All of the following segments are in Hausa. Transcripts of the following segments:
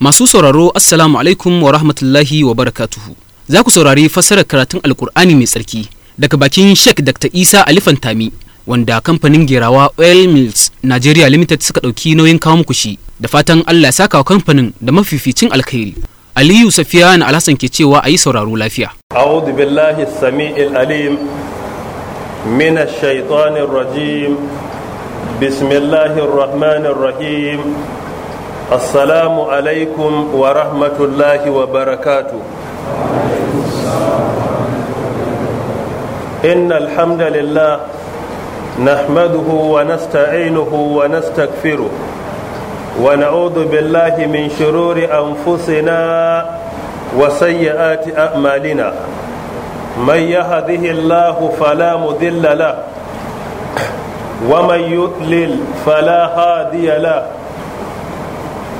Masu sauraro Assalamu alaikum wa rahmatullahi wa barakatuhu. Za ku saurari fassarar karatun Alkur'ani mai tsarki daga bakin Sheikh Dr. Isa Alifan Tami wanda kamfanin gerawa Oil Mills Nigeria Limited suka ɗauki nauyin kawo muku shi da fatan Allah ya saka wa kamfanin da mafificin alkhairi. Aliyu Safiya na Alhassan ke cewa a yi sauraro lafiya. A'udhu billahi sami'il alim min ash rajim. Bismillahir rahmanir rahim. assalamu alaikum wa rahmatullahi wa barakatu إن الحمد لله نحمده ونستعينه ونستغفره ونعوذ بالله من شرور أنفسنا وسيئات أعمالنا من يهده الله فلا مذل له ومن يضلل فلا هادي له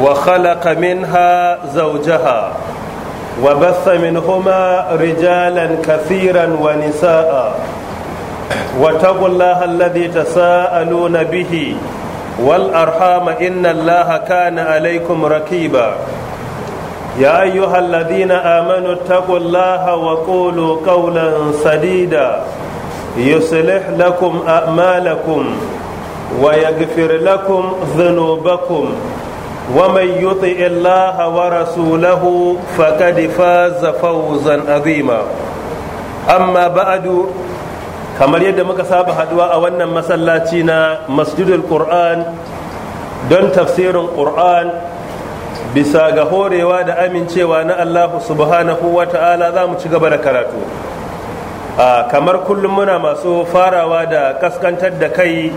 وخلق منها زوجها وبث منهما رجالا كثيرا ونساء واتقوا الله الذي تساءلون به والارحام ان الله كان عليكم ركيبا يا ايها الذين امنوا اتقوا الله وقولوا قولا سديدا يصلح لكم اعمالكم ويغفر لكم ذنوبكم ومن يطع الله ورسوله فقد فاز فوزا عظيما أما بعد kamar yadda muka saba haɗuwa a wannan masallaci na masjidul qur'an don tafsirin qur'an bisa ga horewa da amincewa na allahu subhanahu wa ta'ala za mu ci gaba da karatu kamar kullum muna masu farawa da kaskantar da kai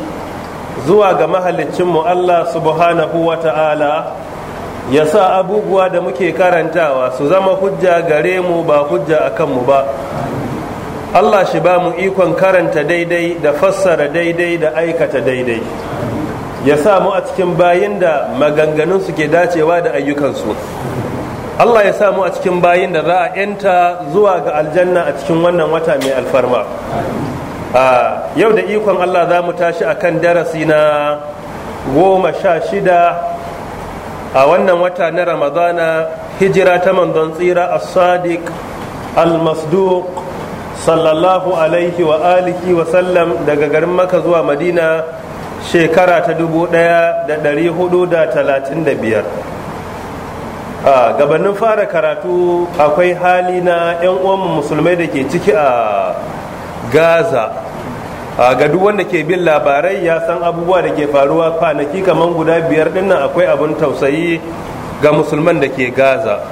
zuwa ga mahalicinmu Allah subhanahu wa ta'ala ya sa abubuwa da muke karantawa su zama hujja gare mu ba hujja a kanmu ba Allah shi ba mu ikon karanta daidai da fassara daidai da aikata daidai ya sa mu a cikin bayin da maganganunsu ke dacewa da ayyukansu Allah ya sa mu a cikin bayin da za a 'yanta zuwa ga aljanna a cikin wannan wata mai alfarma yau da ikon Allah za mu tashi a kan darasi na goma sha shida a wannan wata na ramadana hijira ta manzon tsira a sadiq al-masduq sallallahu alaihi wa alihi wa sallam daga garin maka zuwa madina shekara ta dubu ɗaya da ɗari hudu da talatin da biyar gabanin fara karatu akwai hali na 'yan uwan musulmai da ke ciki a gaza Ah, ga duk wanda ke bin labarai ya san abubuwa da ke faruwa kwanaki kamar guda biyar dinnan akwai abin tausayi ga musulman da ke gaza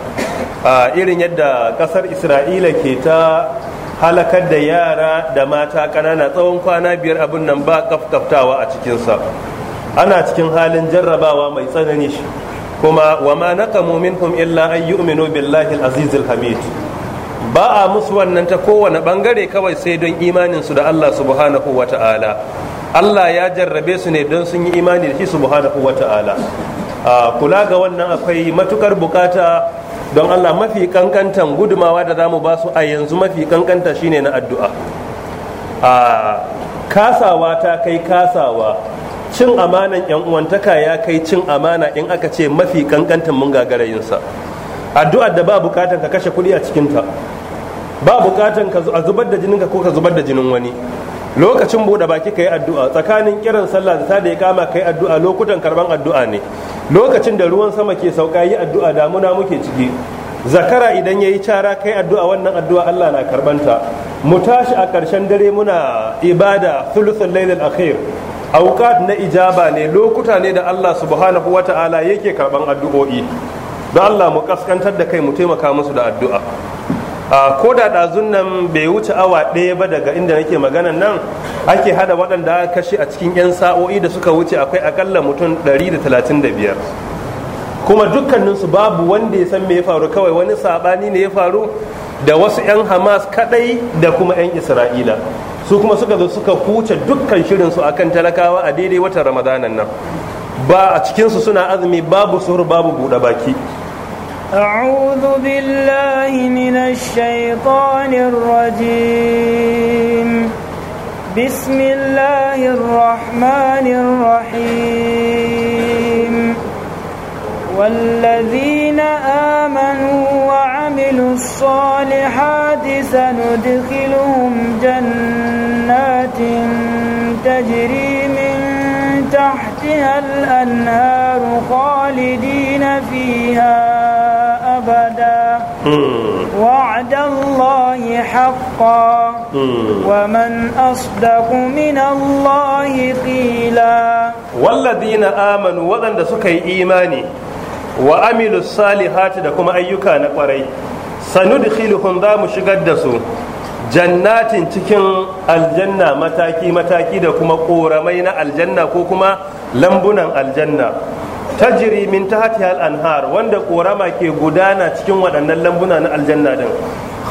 ah, irin yadda kasar isra'ila ke ta halakar da yara da mata ƙanana tsawon kwana biyar abin nan ba kafkaftawa a cikinsa ana cikin halin jarrabawa mai tsanani kuma wa ma naqamu minhum illa ayyuminu billahi al-aziz hamid ba a musu wannan ta kowane bangare kawai sai don imaninsu da Allah subhanahu wa ta'ala Allah ya jarrabe su ne don sun yi imani da shi subhanahu wa ta'ala kula ga wannan akwai matukar bukata don Allah mafi kankantan gudumawa da zamu mu ba su a yanzu mafi kankanta shine na addu'a kasawa ta kai kasawa cin amanan yan uwantaka ya kai cin amana in aka ce mafi kankantan mun gagarayinsa addu'ar da ba bukatan ka kashe kuɗi a cikinta ba bukatan ka a zubar da jininka ko ka zubar da jinin wani lokacin buɗe baki ka yi addu'a tsakanin kiran sallah da sada ya kama ka yi addu'a lokutan karban addu'a ne lokacin da ruwan sama ke sauka yi addu'a da damuna muke ciki zakara idan ya yi cara kai addu'a wannan addu'a Allah na karbanta mu tashi a ƙarshen dare muna ibada thuluthul lailil akhir awqat na ijaba ne lokuta ne da Allah subhanahu wata'ala yake karban addu'o'i da Allah mu kaskantar da kai mu taimaka musu da addu'a ko da ɗazun nan bai wuce awa ɗaya ba daga inda nake maganan nan ake hada waɗanda aka kashe a cikin 'yan sa'o'i da suka wuce akwai akalla mutum 135 kuma dukkaninsu babu wanda ya san me ya faru kawai wani saɓani ne ya faru da wasu 'yan hamas kaɗai da kuma 'yan isra'ila su kuma suka zo suka huce dukkan shirin su akan talakawa a daidai watan ramadanan nan ba a cikinsu suna azumi babu suhur babu buɗe baki أعوذ بالله من الشيطان الرجيم بسم الله الرحمن الرحيم والذين آمنوا وعملوا الصالحات سندخلهم جنات تجري من تحتها الأنهار خالدين فيها وعد الله حقا ومن أصدق من الله قيلا والذين آمنوا وغند سكي إيماني وعملوا الصالحات لكم أيكا نقري سندخلهم ذا مشقدسوا jannatin cikin aljanna mataki mataki da kuma koramai na aljanna ko kuma lambunan aljanna tajiri min tahtiha al-anhar wanda korama ke gudana cikin waɗannan lambuna na aljanna din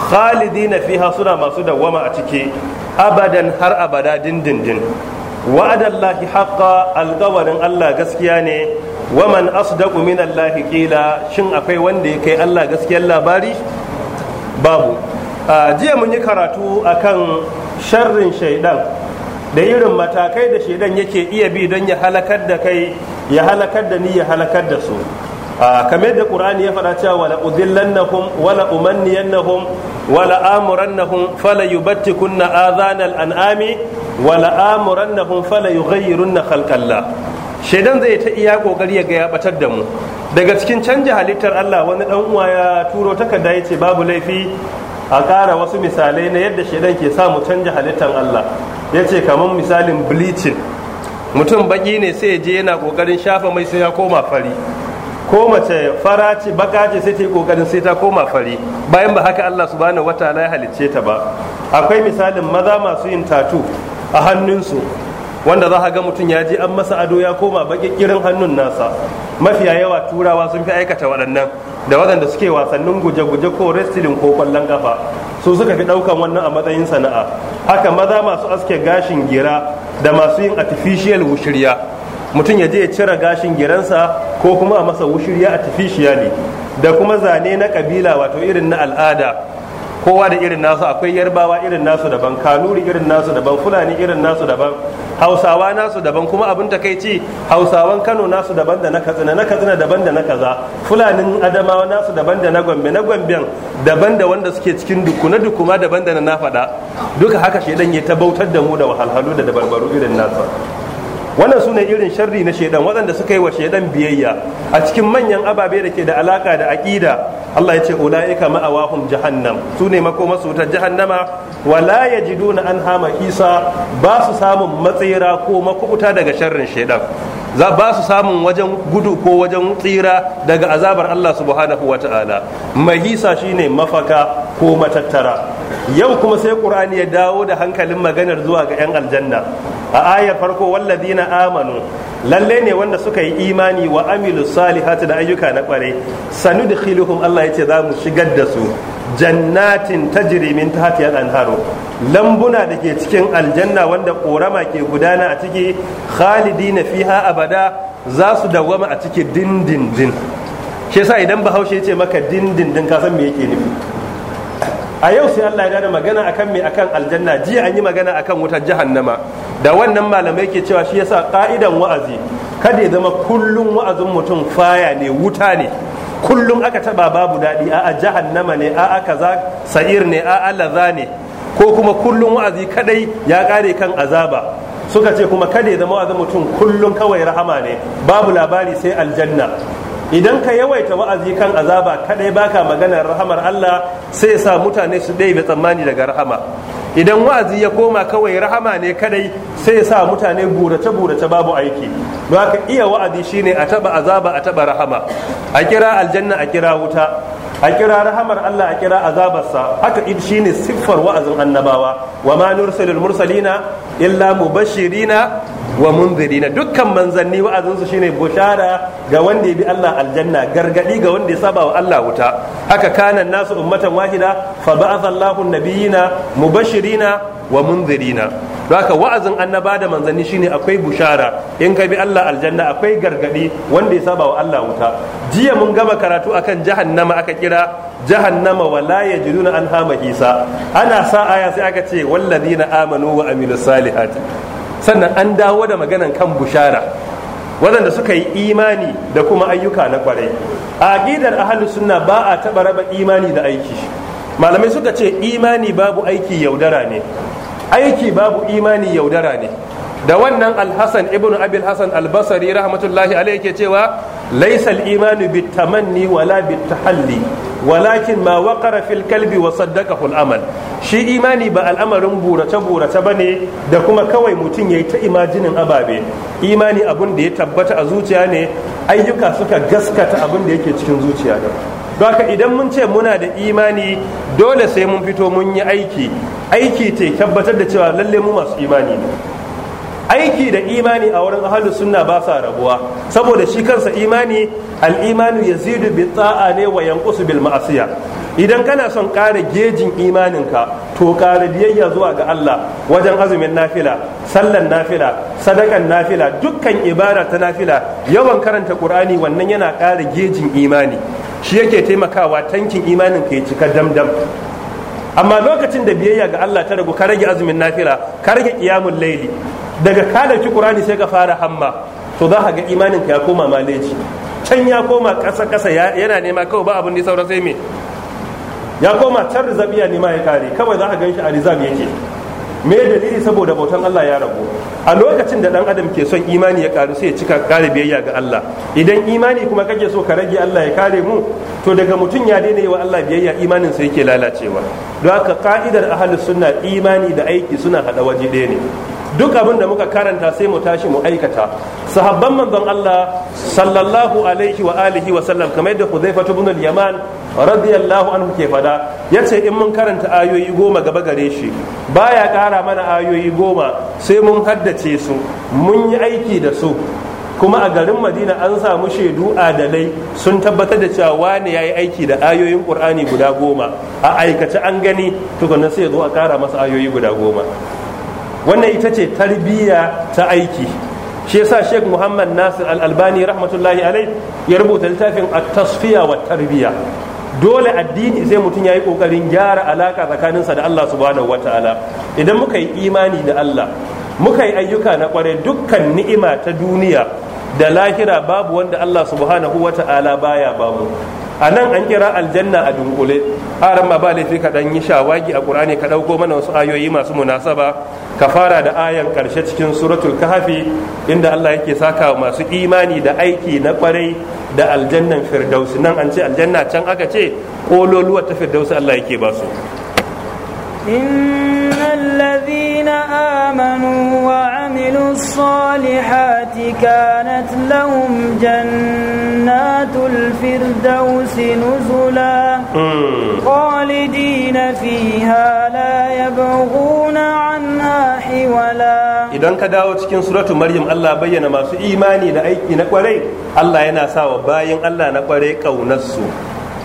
khalidina fiha suna masu dawama a ciki abadan har abada dindindin wa'adallahi haqqa alqawarin Allah gaskiya ne wa man asdaqu min Allah qila shin akwai wanda ya kai Allah gaskiyar labari babu jiya mun yi karatu akan sharrin shaidan da irin matakai da shaidan yake iya bi don ya halakar da kai ya halakar da ni ya halakar da su kamar yadda qur'ani ya faɗa cewa wala udillannahum wala umanniyannahum wala amurannahum fala yubattikunna adhanal an'ami wala amurannahum fala yughayyirunna khalqallah shaidan zai ta iya kokari ya gaya ya batar da mu daga cikin canja halittar Allah wani ɗan uwa ya turo takarda ya ce babu laifi a ƙara wasu misalai na yadda shaidan ke samu canja halittar Allah ya ce kamar misalin bleaching mutum baki ne sai je yana kokarin shafa mai sai ya koma fari ko mace fara ce baka ce sai ta yi kokarin sai ta koma fari bayan ba haka Allah subhanahu wataala ya halicce ta ba akwai misalin maza masu yin tatu a hannunsu wanda za ga mutum ya je an masa ado ya koma baki kirin hannun nasa mafiya yawa turawa sun fi aikata waɗannan da waɗanda suke wasannin guje-guje ko wrestling ko kwallon ƙafa, su suka fi ɗaukan wannan a matsayin sana'a haka maza masu aske gashin gira da masu yin artificial wushirya mutum ya je ya cire gashin giransa ko kuma a masa wushirya artificially da kuma zane na kabila wato irin na al'ada kowa da irin nasu akwai yarbawa irin nasu daban kanuri irin nasu daban fulani irin nasu daban hausawa nasu daban kuma abin takaici hausawan kano nasu daban da na katsina na katsina daban da na kaza fulanin adamawa nasu daban da na gombe na gomben daban da wanda suke cikin duku na duku ma daban da na faɗa duka haka shi ya ta da mu da wahalhalu da dabarbaru irin nasa wannan su ne irin sharri na shaidan waɗanda suka yi wa shaidan biyayya a cikin manyan ababe da ke da alaka da aƙida Allah ya ce ulaika ma'awahum jahannam su ne mako su ta jahannama wala yajiduna an hama isa ba su samun matsira ko makubuta daga sharrin shaidan za ba su samun wajen gudu ko wajen tsira daga azabar Allah subhanahu wata'ala mahisa shine mafaka ko matattara yau kuma sai qur'ani ya dawo da hankalin maganar zuwa ga 'yan aljanna a ayar farko walladina amanu lalle ne wanda suka yi imani wa amilu salihati da ayyuka na kware sanu da khiluhum Allah ya ce za mu shigar da su jannatin tajri min tahtiha al-anharu lambuna da ke cikin aljanna wanda korama ke gudana a ciki khalidina fiha abada za su dawwama a ciki dindindin shi yasa idan bahaushe ya ce maka dindindin ka san me yake nufi a yau sai Allah ya dada magana akan me akan aljanna jiya an yi magana akan wutar jahannama da wannan malamai ke cewa shi yasa ka'idan wa'azi kada ya zama kullum wa'azin mutum faya ne wuta ne kullum aka taba babu daɗi a'a jahannama ne a'a kaza sa'ir ne a'a laza ne ko kuma kullum wa'azi kadai ya kare kan azaba suka ce kuma kada ya zama wa'azin mutum kullum kawai rahama ne babu labari sai aljanna idan ka yawaita wa'azi kan azaba kadai baka maganar rahamar Allah sai sa mutane su dai bi tsammani daga rahama idan wa'azi ya koma kawai rahama ne kadai sai sa mutane burace burace babu aiki baka ka iya wa'azi shine a taba azaba a taba rahama a kira aljanna a kira wuta a kira rahamar Allah a kira azabarsa haka shine siffar wa'azin annabawa wa ma nursalul mursalina illa mubashirina wa munzirina dukkan manzanni wa'azinsu shine bushara ga wanda ya bi Allah aljanna gargadi ga wanda ya saba wa Allah wuta haka kanan nasu ummatan wahida fa ba'atha Allahu nabiyina mubashirina wa munzirina don haka wa'azin annaba da manzanni shine akwai bushara in ka bi Allah aljanna akwai gargadi wanda ya saba wa Allah wuta jiya mun gama karatu akan jahannama aka kira jahannama wa la yajiduna anha mahisa ana sa aya sai aka ce na amanu wa amilus salihati sannan an dawo da maganan kan bushara waɗanda suka yi imani da kuma ayyuka na kwarai a aqidar ahlus sunna ba a taɓa raba imani da aiki malamai suka ce imani babu aiki yaudara ne aiki babu imani yaudara ne da wannan alhassan ibn abil hassan albasari rahmatullahi alaihi ke cewa laisal imanu bitamanni wala bitahalli walakin ma waqara fil kalbi wa saddaqahu amal shi imani ba al'amarin burace-burace ba ne da kuma kawai mutum ya yi ta imajinin ababe imani abin da ya tabbata a zuciya ne ayyuka suka gaskata abin da yake cikin zuciya da haka idan mun ce muna da imani dole sai mun fito mun yi aiki aiki ce tabbatar da cewa lalle mu masu imani ne aiki da imani a wurin ahalu sunna ba sa rabuwa saboda shi kansa imani al-imanu yazidu bi ta'a ne wa yanqusu bil ma'asiya idan kana son ƙara gejin imaninka to ƙara biyayya zuwa ga Allah wajen azumin nafila sallan nafila sadakan nafila dukkan ibada ta nafila yawan karanta qur'ani wannan yana ƙara gejin imani shi yake taimakawa tankin imanin ka ya cika damdam amma lokacin da biyayya ga Allah ta ragu ka rage azumin nafila ka rage qiyamul layli daga ka dauki qur'ani sai ka fara hamma to za ka ga imanin ka ya koma maleji can ya koma kasa kasa yana nema kawai ba abun da sauran sai me ya goma can rizabiya ne ma ya kare kawai za a gan shi a rizab yake me dalili saboda bautan Allah ya rabu a lokacin da dan adam ke son imani ya karu sai ya cika kare biyayya ga Allah idan imani kuma kake so ka rage Allah ya kare mu to daga mutum ya daina wa Allah biyayya imanin sa yake lalacewa don haka ka'idar ahlus sunna imani da aiki suna hada waje ɗaya ne duk abin da muka karanta sai mu tashi mu aikata sahabban manzon Allah sallallahu alaihi wa alihi wa sallam kamar yadda Hudhaifa ibn al-Yaman radiyallahu anhu ke fada yace in mun karanta ayoyi goma gaba gare shi baya kara mana ayoyi goma sai mun hadda tsaftace su mun yi aiki da su kuma a garin madina an samu shaidu adalai sun tabbatar da cewa wani ya yi aiki da ayoyin ƙur'ani guda goma a aikace an gani tukunan sai zo a ƙara masa ayoyi guda goma wannan ita ce tarbiyya ta aiki shi yasa sheikh muhammad nasir al-albani rahmatullahi alai ya rubuta littafin at-tasfiya wa tarbiyya dole addini sai mutum ya yi ƙoƙarin gyara alaka tsakaninsa da allah subhanahu ta'ala idan muka yi imani da allah muka yi ayyuka na kware dukkan ni'ima ta duniya da lahira babu wanda Allah subhanahu wa ta'ala baya bamu a nan an kira aljanna a dunkule aran ma ba laifi ka dan yi shawagi a qur'ani ka dauko mana wasu ayoyi masu munasaba ka fara da ayan karshe cikin suratul kahfi inda Allah yake saka masu imani da aiki na kwarai da aljannan firdausi nan an ce aljanna can aka ce kololuwa ta firdaus Allah yake ba su innal آمنوا وعملوا الصالحات كانت لهم جنات الفردوس نزلا خالدين فيها لا يبغون عنها حولا idan ka dawo cikin suratu maryam Allah bayyana masu imani da aiki na kwarai Allah yana sawa bayan Allah na kwarai su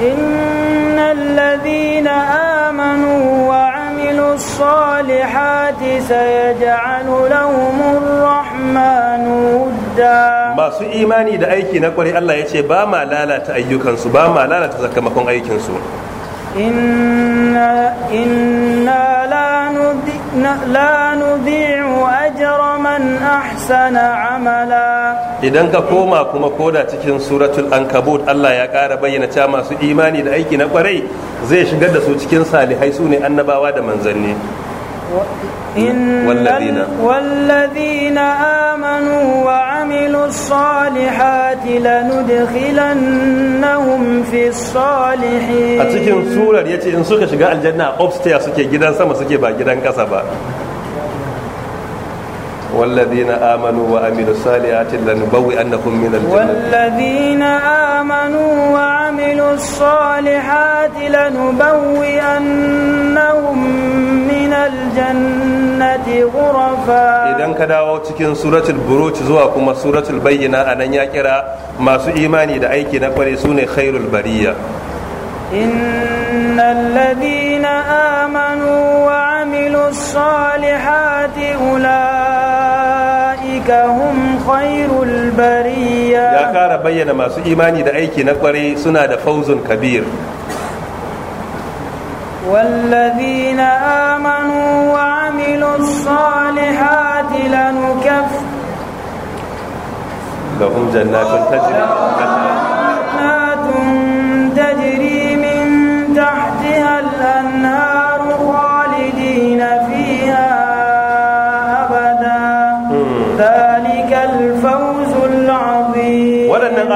innal ladina amanu wa وعملوا الصالحات سيجعل لهم الرحمن ودا masu imani da aiki na kwarai Allah ya ce ba ma lalata ayyukansu ba ma lalata sakamakon aikin aikinsu inna la nudi لا نضيع أجر من أحسن عملا idan ka koma kuma koda cikin suratul ankabut Allah ya ƙara bayyana ta masu imani da aiki na kwarai zai shigar da su cikin salihai su ne annabawa da manzanni والذين آمنوا وعملوا وعملوا الصالحات لندخلنهم في الصالحين a cikin surar yace in suka shiga aljanna upstairs suke gidan sama suke ba gidan kasa ba والذين آمنوا وعملوا الصالحات لنبوي أنكم من الجنة والذين آمنوا وعملوا الصالحات لنبوي أنهم idan ka dawo cikin suratul buruci zuwa kuma suratul bayyana a nan ya kira masu imani da aiki na kware su ne khairul bariya amanu wa amilu salihati ula'ika hum khairul bariya ya kara bayyana masu imani da aiki na kware suna da fauzun kabir والذين آمنوا وعملوا الصالحات لنكف لهم جنات تجري من تحتها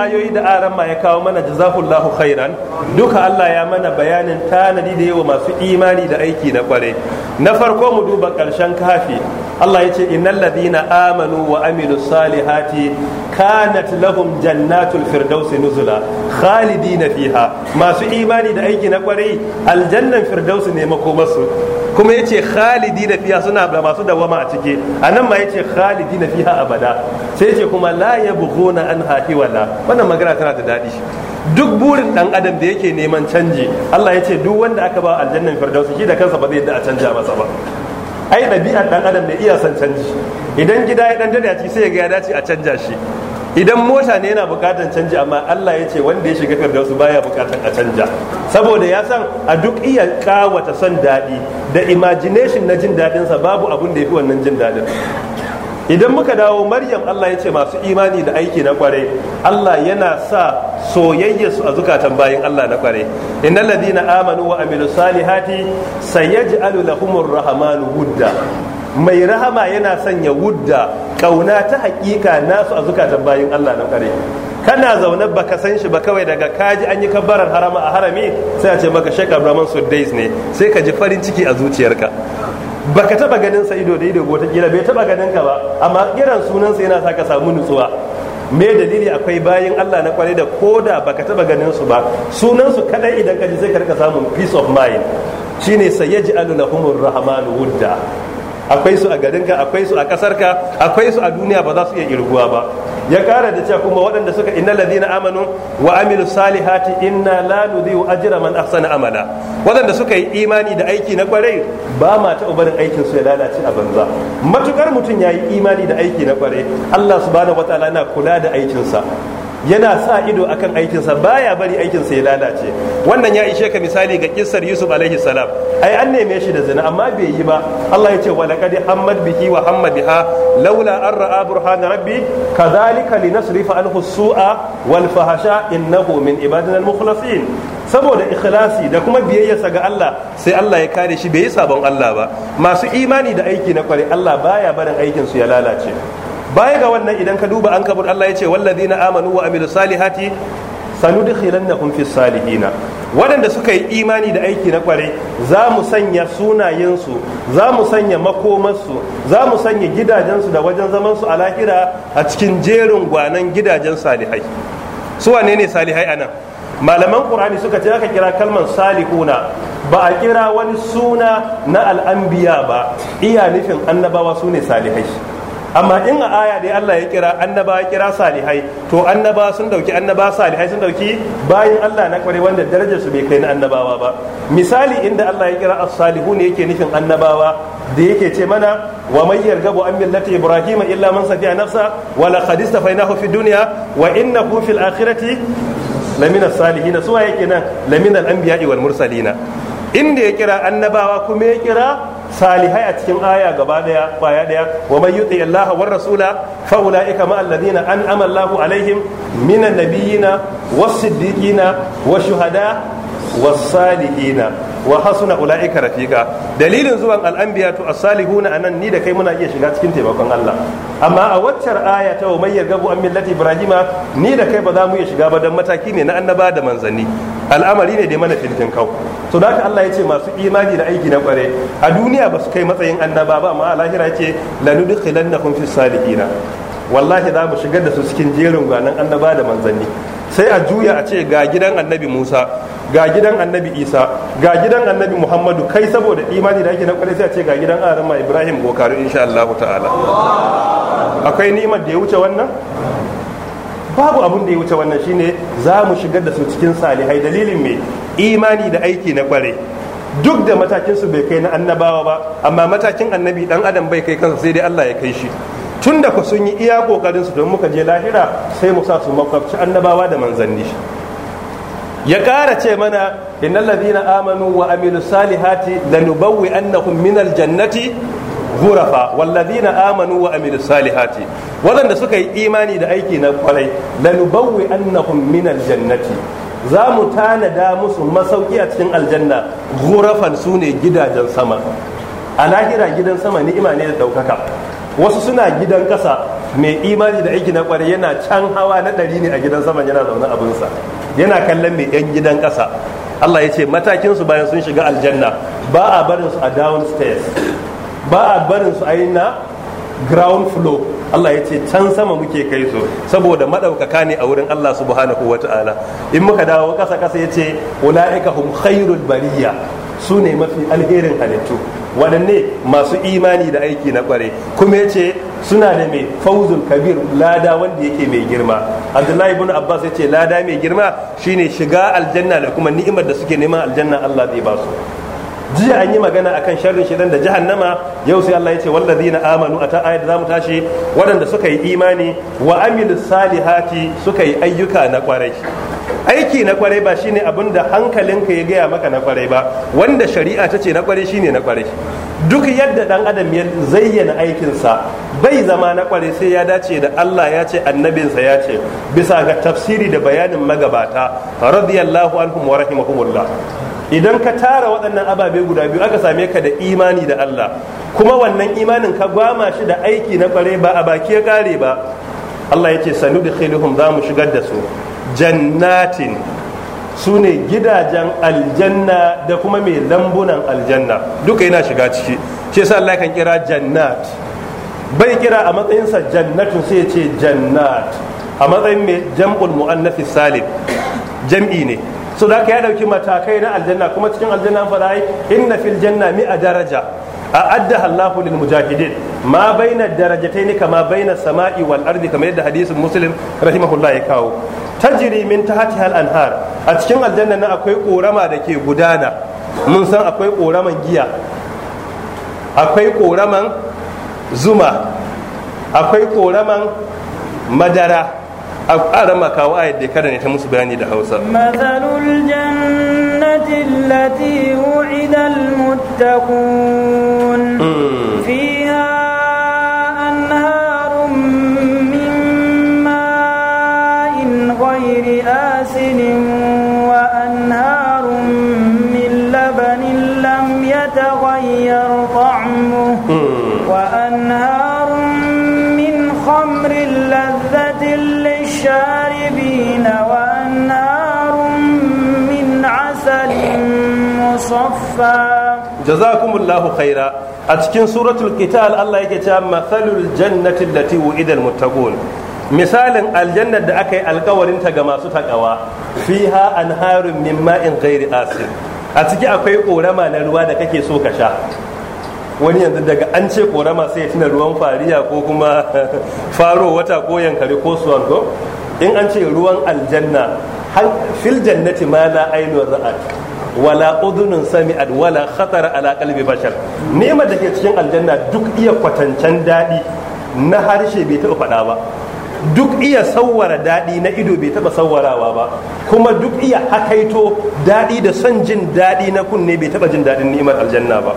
ayoyi da aran ma ya kawo mana jazakullahu khairan duka Allah ya mana bayanin tanadi da yawa masu imani da aiki na kware na farko mu duba karshen kafi Allah ya ce innal ladina amanu wa amilu salihati kanat lahum jannatul firdausi nuzula khalidina fiha masu imani da aiki na kware aljannan firdausi ne makomarsu kuma yace khalidi na fiha suna da masu dawama a ciki nan ma yace khalidi na fiha abada sai yace kuma la an hafi wala. wannan magana tana da daɗi. duk burin dan adam da yake neman canji Allah ya ce duk wanda aka ba aljannan firdausi shi da kansa ba zai yadda a canja masa ba ai ɗabi'ar dan adam da iya son canji idan gida ya dan dade a sai ya ga ya dace a canja shi idan mota ne yana bukatar canji amma Allah ya ce wanda ya shiga su baya bukatar a canja saboda ya san a duk iya kawata son daɗi da imagination na jin daɗinsa babu abun da ya fi wannan jin daɗin idan muka dawo maryam Allah ya ce masu imani da aiki na kwarai Allah yana sa soyayya su a zukatan bayan Allah na kwarai innal ladina amanu wa amilus salihati sayaj'alu lahumur rahmanu hudda mai rahama yana sanya wudda ƙauna ta hakika nasu a zukatan bayin Allah na kare kana zaune baka san shi ba kawai daga kaji an yi kabbarar harama a harami sai a ce maka Sheikh Abraman Sudais ne sai ka ji farin ciki a zuciyarka baka taba ganin sa ido da ido ko ta kila bai taba ganin ka ba amma kiran sunan sa yana sa ka samu nutsuwa me dalili akwai bayin Allah na kware da koda baka taba ganin su ba sunan su kadai idan ka ji sai ka rika samun peace of mind shine sayyaji alulahumur rahmanu wudda akwai su a garinka akwai su a kasarka akwai su a duniya ba za su iya irguwa ba ya kara da cewa kuma waɗanda suka innal ladina amanu wa amilu salihati inna la nudhi'u ajra man ahsana amala waɗanda suka yi imani da aiki na kwarai ba ma ta ubarin aikin su ya lalace a banza matukar mutum yayi imani da aiki na kwarai Allah subhanahu wataala yana kula da aikin sa yana sa ido akan aikinsa baya bari aikinsa ya lalace wannan ya ishe ka misali ga kissar yusuf alaihi salam ai an neme shi da zina amma bai yi ba allah ya ce wa laqad hammad bihi wa hamma biha laula an ra'a burhana rabbi kadhalika linasrifa anhu su'a wal fahasha innahu min ibadina al mukhlasin saboda ikhlasi da kuma biyayyarsa ga Allah sai Allah ya kare shi bai yi sabon Allah ba masu imani da aiki na kware Allah baya barin aikin su ya lalace baya ga wannan idan ka duba an kabur Allah ya ce na amanu wa amilu salihati sanudkhilannahum fi salihina waɗanda suka yi imani da aiki na kware za mu sanya sunayensu za mu sanya makomarsu za mu sanya gidajensu da wajen zamansu a lahira a cikin jerin gwanan gidajen salihai su wane ne salihai anan malaman qur'ani suka ce aka kira kalmar salihuna ba a kira wani suna na al'anbiya ba iya nufin annabawa su ne salihai amma in a aya dai Allah ya kira annaba ya kira salihai to annaba sun dauki annaba salihai sun dauki bayan Allah na kware wanda darajar su bai kai na annabawa ba misali inda Allah ya kira as salihun ne yake nufin annabawa da yake ce mana wa may yargabu an millati ibrahima illa man safiya nafsa wa laqad istafainahu fi dunya wa innahu fil akhirati lamina salihin suwa yake nan lamina al-anbiya'i wal mursalina inda ya kira annabawa kuma ya kira salihai a cikin aya gaba daya baya daya wa man yuti Allah war rasula fa ulaika ma alladhina an'ama Allahu alaihim minan nabiyina was siddiqina wa shuhada wasalihina wa hasuna ulaika rafiqa dalilin zuwan al'anbiya to as-salihuna anan ni da kai muna iya shiga cikin taimakon Allah amma a wacce aya ta wa gabu an millati ibrahima ni da kai ba za mu iya shiga ba dan mataki ne na annaba da manzanni al'amari ne da mana fintin kau to da haka Allah ya ce masu imani da aiki na kware a duniya ba su kai matsayin annaba ba amma a lahira ce lanudkhilannahum fis salihina wallahi za mu shigar da su cikin jerin gwanan annaba da manzanni sai a juya a ce ga gidan annabi musa ga gidan annabi isa ga gidan annabi muhammadu kai saboda imani da ake na kwarai sai a ce ga gidan ma ibrahim bokaru insha allah ta'ala akwai nimar da ya wuce wannan babu abun da ya wuce wannan shine za mu shigar da su cikin salihai dalilin mai imani da aiki na kware. duk da matakin su bai kai na annabawa ba amma matakin annabi dan adam bai kai kansa sai dai Allah ya kai shi tun da ku sun yi iya kokarin su don muka je lahira sai mu sa su makwabci annabawa da manzanni ya ƙara ce mana innal ladhina amanu wa amilu salihati lanubawwi annahum minal jannati ghurafa wal amanu wa amilu salihati waɗanda suka yi imani da aiki na kwarai lanubawwi annahum minal jannati za mu tanada musu masauki a cikin aljanna ghurafan sune gidajen sama a lahira gidan sama ni'ima ne da ɗaukaka wasu suna gidan kasa mai imani da aiki na ƙwarai yana can hawa na ɗari ne a gidan saman yana zaune abinsa yana kallon mai yan gidan kasa. Allah ya ce matakin bayan sun shiga aljanna ba a barin su a downstairs ba a barin su a yi na ground floor Allah ya ce can sama muke kai su saboda maɗaukaka ne a wurin Allah subhanahu wa ta'ala in muka dawo kasa kasa ya ce ula'ika hum khairul bariya su ne mafi alherin halittu waɗanne masu imani da aiki na kware kuma yace suna da mai fauzul kabir lada wanda yake mai girma abdullahi ibn abbas ya ce lada mai girma shine shiga aljanna da kuma ni'imar da suke neman aljanna allah zai ba su jiya an yi magana akan sharrin shidan da jahannama yau sai Allah yace ce wallazina amanu a ta da zamu tashi waɗanda suka yi imani wa amilu salihati suka yi ayyuka na kwarai aiki na kwarai ba shine abin da hankalinka ya gaya maka na kwarai ba wanda shari'a ta ce na kwarai shine na kwarai duk yadda dan adam ya zayyana aikinsa bai zama na kwarai sai ya dace da Allah ya ce annabinsa ya ce bisa ga tafsiri da bayanin magabata radiyallahu anhum wa rahimahumullah idan ka tara waɗannan ababe guda biyu aka same ka da imani da Allah kuma wannan imanin ka gwama shi da aiki na kwarai ba a baki ya kare ba Allah ya ce sanu sanudkhiluhum za mu shigar da su jannatin su ne gidajen aljanna da kuma mai lambunan aljanna duka yana shiga ciki shi sa Allah kan kira jannat bai kira a matsayinsa jannatun sai ce jannat a matsayin mai jam'ul mu'annafi salim jam'i ne so da ka ya dauki matakai na aljanna kuma cikin aljanna fara inna fil janna mi a daraja a adda Allahu lil mujahidin ma baina darajatai ne kama baina sama'i wal ardi kamar yadda hadisin muslim rahimahullah ya kawo tajri min tahti hal anhar a cikin aljanna na akwai korama da ke gudana mun san akwai koraman giya akwai koraman zuma akwai koraman madara a ƙara makawa a yadda kada ne ta musu bayani da hausa matsalul jannati allati wu'ida يتغير طعمه وأنهار من خمر لذة للشاربين وأنهار من عسل مصفى جزاكم الله خيرا أتكن سورة القتال الله يجتام مثل الجنة التي وعد المتقون misalin aljannar da aka yi alkawarinta ga masu takawa fiha anharun min ma'in ghairi asin a ciki akwai korama na ruwa da kake so ka sha wani yanzu daga an ce korama sai ya tuna ruwan fariya ko kuma faro wata ko yankari ko suwan ko in an ce ruwan aljanna fil jannati ma la ainun ra'at wala udunun sami wala khatar ala qalbi bashar ni'imar da ke cikin aljanna duk iya kwatancen daɗi na harshe bai taɓa faɗa ba duk iya sauwara daɗi na ido bai taɓa sauwarawa ba kuma duk iya hakaito daɗi da son jin daɗi na kunne bai taɓa jin daɗin ni'imar aljanna ba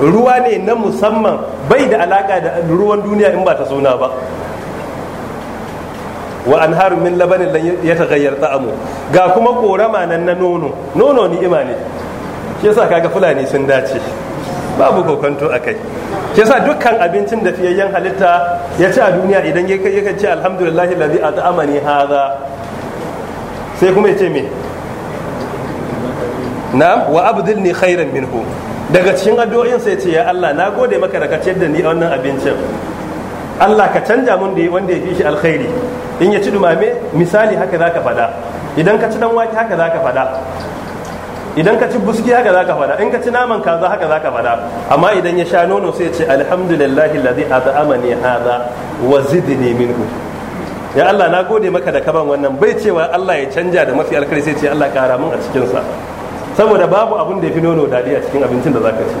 ruwa ne na musamman bai da alaƙa da ruwan duniya in ba ta suna ba wa an haru min labanin lan ya tagayyar ta'amu ga kuma korama nan na nono nono ni'ima ne shi yasa kaga fulani sun dace babu kokonto a kai yasa dukkan abincin da fiyayyen halitta ya ci a duniya idan ya kai ce alhamdulillah ladhi at'amani hadha sai kuma ya ce me na'am wa ni khairan minhu daga cikin addu'o'in sai ce ya Allah na gode maka da ka ciyar da ni wannan abincin Allah ka canja mun da wanda ya fi shi alkhairi in ya ci dumame misali haka zaka faɗa idan ka ci dan wake haka zaka faɗa idan ka ci buski haka za ka fada in ka ci naman kaza haka za ka fada amma idan ya sha nono sai ya ce alhamdulillahi ladhi at'amani hadha wa zidni minhu ya Allah na gode maka da kaban wannan bai cewa Allah ya canja da mafi alkhairi sai ce Allah kara mun a cikin sa saboda babu abun da yafi nono dadi a cikin abincin da zaka ci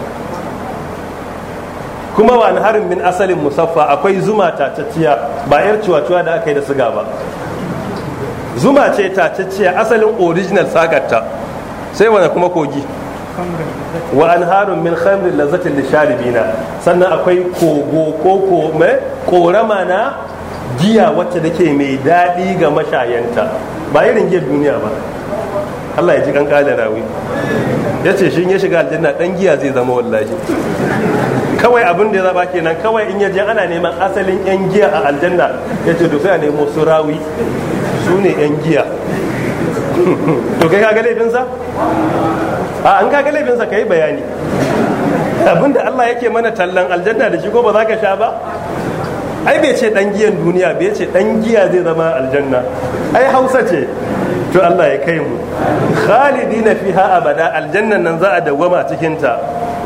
kuma wani harin min asalin musaffa akwai zuma tatacciya ba yar ciwaciwa da aka yi da suga ba zuma ce tatacciya asalin original sakarta sai wani kuma kogi wa an harun min khamrin lazzatin lisharibina sannan akwai kogo ko mai korama na giya wacce take mai daɗi ga mashayanta ba irin giyar duniya ba Allah ya ji kan kada rawi ya ce shi ya shiga aljanna dan giya zai zama wallahi kawai abin da ya zaba kenan kawai in ya je ana neman asalin yan giya a aljanna yace ce to sai a nemo su rawi su ne yan giya to kai ka ga laifinsa a an kaga laifinsa ka yi bayani abinda Allah yake mana tallan aljanna da shi ko ba za ka sha ba ai bai ce dan giyan duniya bai ce dan giya zai zama aljanna ai hausa ce to Allah ya kai mu khalidina fiha abada aljannan nan za a dawwama cikin ta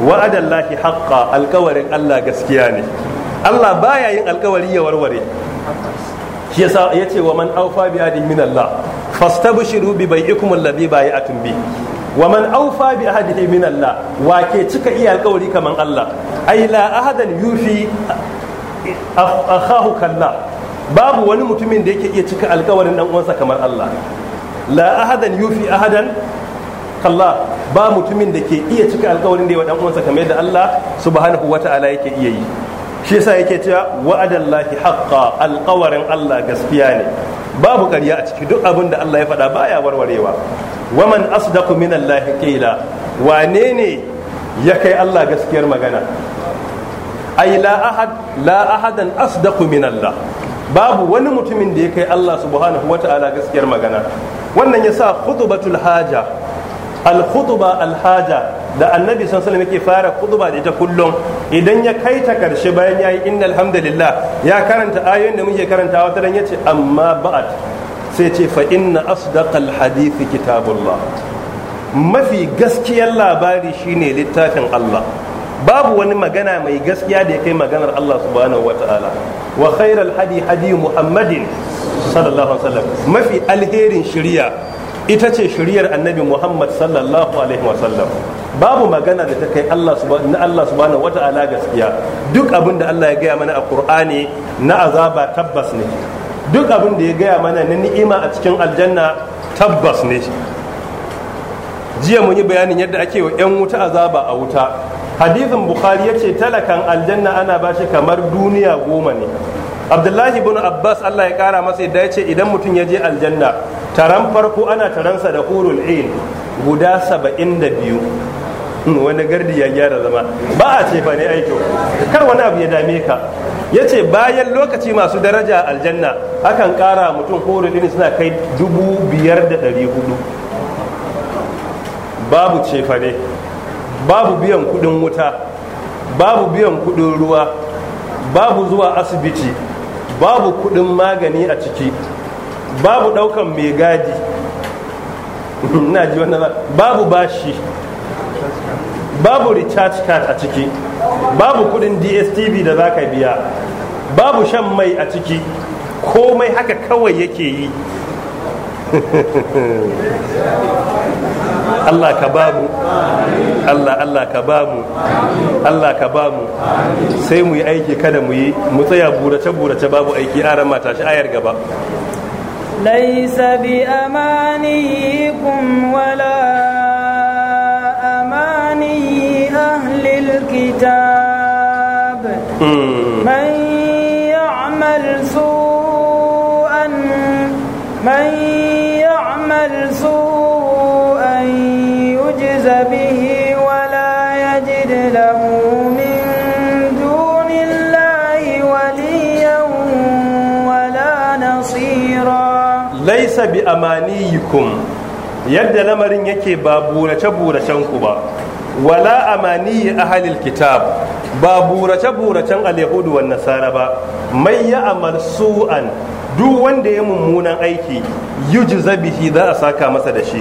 wa'adallahi haqqa alkawarin Allah gaskiya ne Allah baya yin alkawari ya warware shi yasa yace wa man awfa bi adin min Allah fastabshiru bi bai'ikum alladhi bai'atum bi wa man awfa bi ahadihi min Allah wa ke cika iya alƙawari kaman Allah ai la ahadan yufi akhahu kalla babu wani mutumin da yake iya cika alƙawarin dan uwansa kamar Allah la ahadan yufi ahadan kalla ba mutumin da ke iya cika alkawarin da ya dan uwansa kamar yadda Allah subhanahu wata'ala yake iya yi shi yasa yake cewa wa'adallahi haqqa alƙawarin Allah gaskiya ne babu ƙarya a ciki duk abin da Allah ya faɗa baya warwarewa waman asdaqu min Allah qila wane ne ya kai Allah gaskiyar magana ai la ahad la ahadan asdaqu min Allah babu wani mutumin da ya kai Allah subhanahu wata'ala gaskiyar magana wannan yasa khutbatul haja al khutba al haja da annabi sallallahu alaihi yake fara kuduba da ita kullum idan ya kai ta karshe bayan yi inna alhamdulillah ya karanta ayoyin da muke karanta ta dan yace amma ba'at sai ce fa inna asdaqal hadithi kitabullah mafi gaskiyar labari shine littafin Allah babu wani magana mai gaskiya da ya kai maganar Allah subhanahu wa ta'ala wa khairal hadi hadi muhammadin sallallahu alaihi wasallam mafi alherin shari'a ita ce shari'ar annabi muhammad sallallahu alaihi wasallam babu magana da ta kai Allah na wa ta'ala gaskiya duk abin da Allah ya gaya mana a Qur'ani na azaba tabbas ne duk abin da ya gaya mana na ni'ima a cikin aljanna tabbas ne jiya mun yi bayanin yadda ake wa 'yan wuta azaba a wuta hadithin bukhari ya ce talakan aljanna ana ba shi kamar duniya goma ne abdullahi bin abbas allah ya kara masa yadda ya ce idan mutum ya je aljanna taran farko ana taransa da hurul ain guda saba'in da biyu wani gardi ya gyara zama ba a ce fa ne aiki kar wani abu ya dame ka yace bayan lokaci masu daraja aljanna akan kara mutum horo ɗin suna kai dubu biyar da ɗari hudu babu cefane babu biyan kuɗin wuta babu biyan kuɗin ruwa babu zuwa asibiti babu kuɗin magani a ciki babu ɗaukan mai gadi ina ji wannan babu bashi babu recharge card a ciki babu kudin dstv da za ka biya babu shan mai a ciki komai haka kawai yake yi Allah ka bamu Allah Allah ka Allah ka sai mu yi aiki kada mu yi mu tsaya burace burace babu aiki aran mata shi ayar gaba laisa bi kun wala الكتاب من يعمل سوءا من يعمل سوءا يجز به ولا يجد له laisa bi amaniyikum yadda lamarin yake ba burace-burace ku ba wala amani ahalil kitab ba burace buracen alyahudu wan nasara ba mai ya amal su'an duk wanda ya mummunan aiki yujza bihi za a saka masa da shi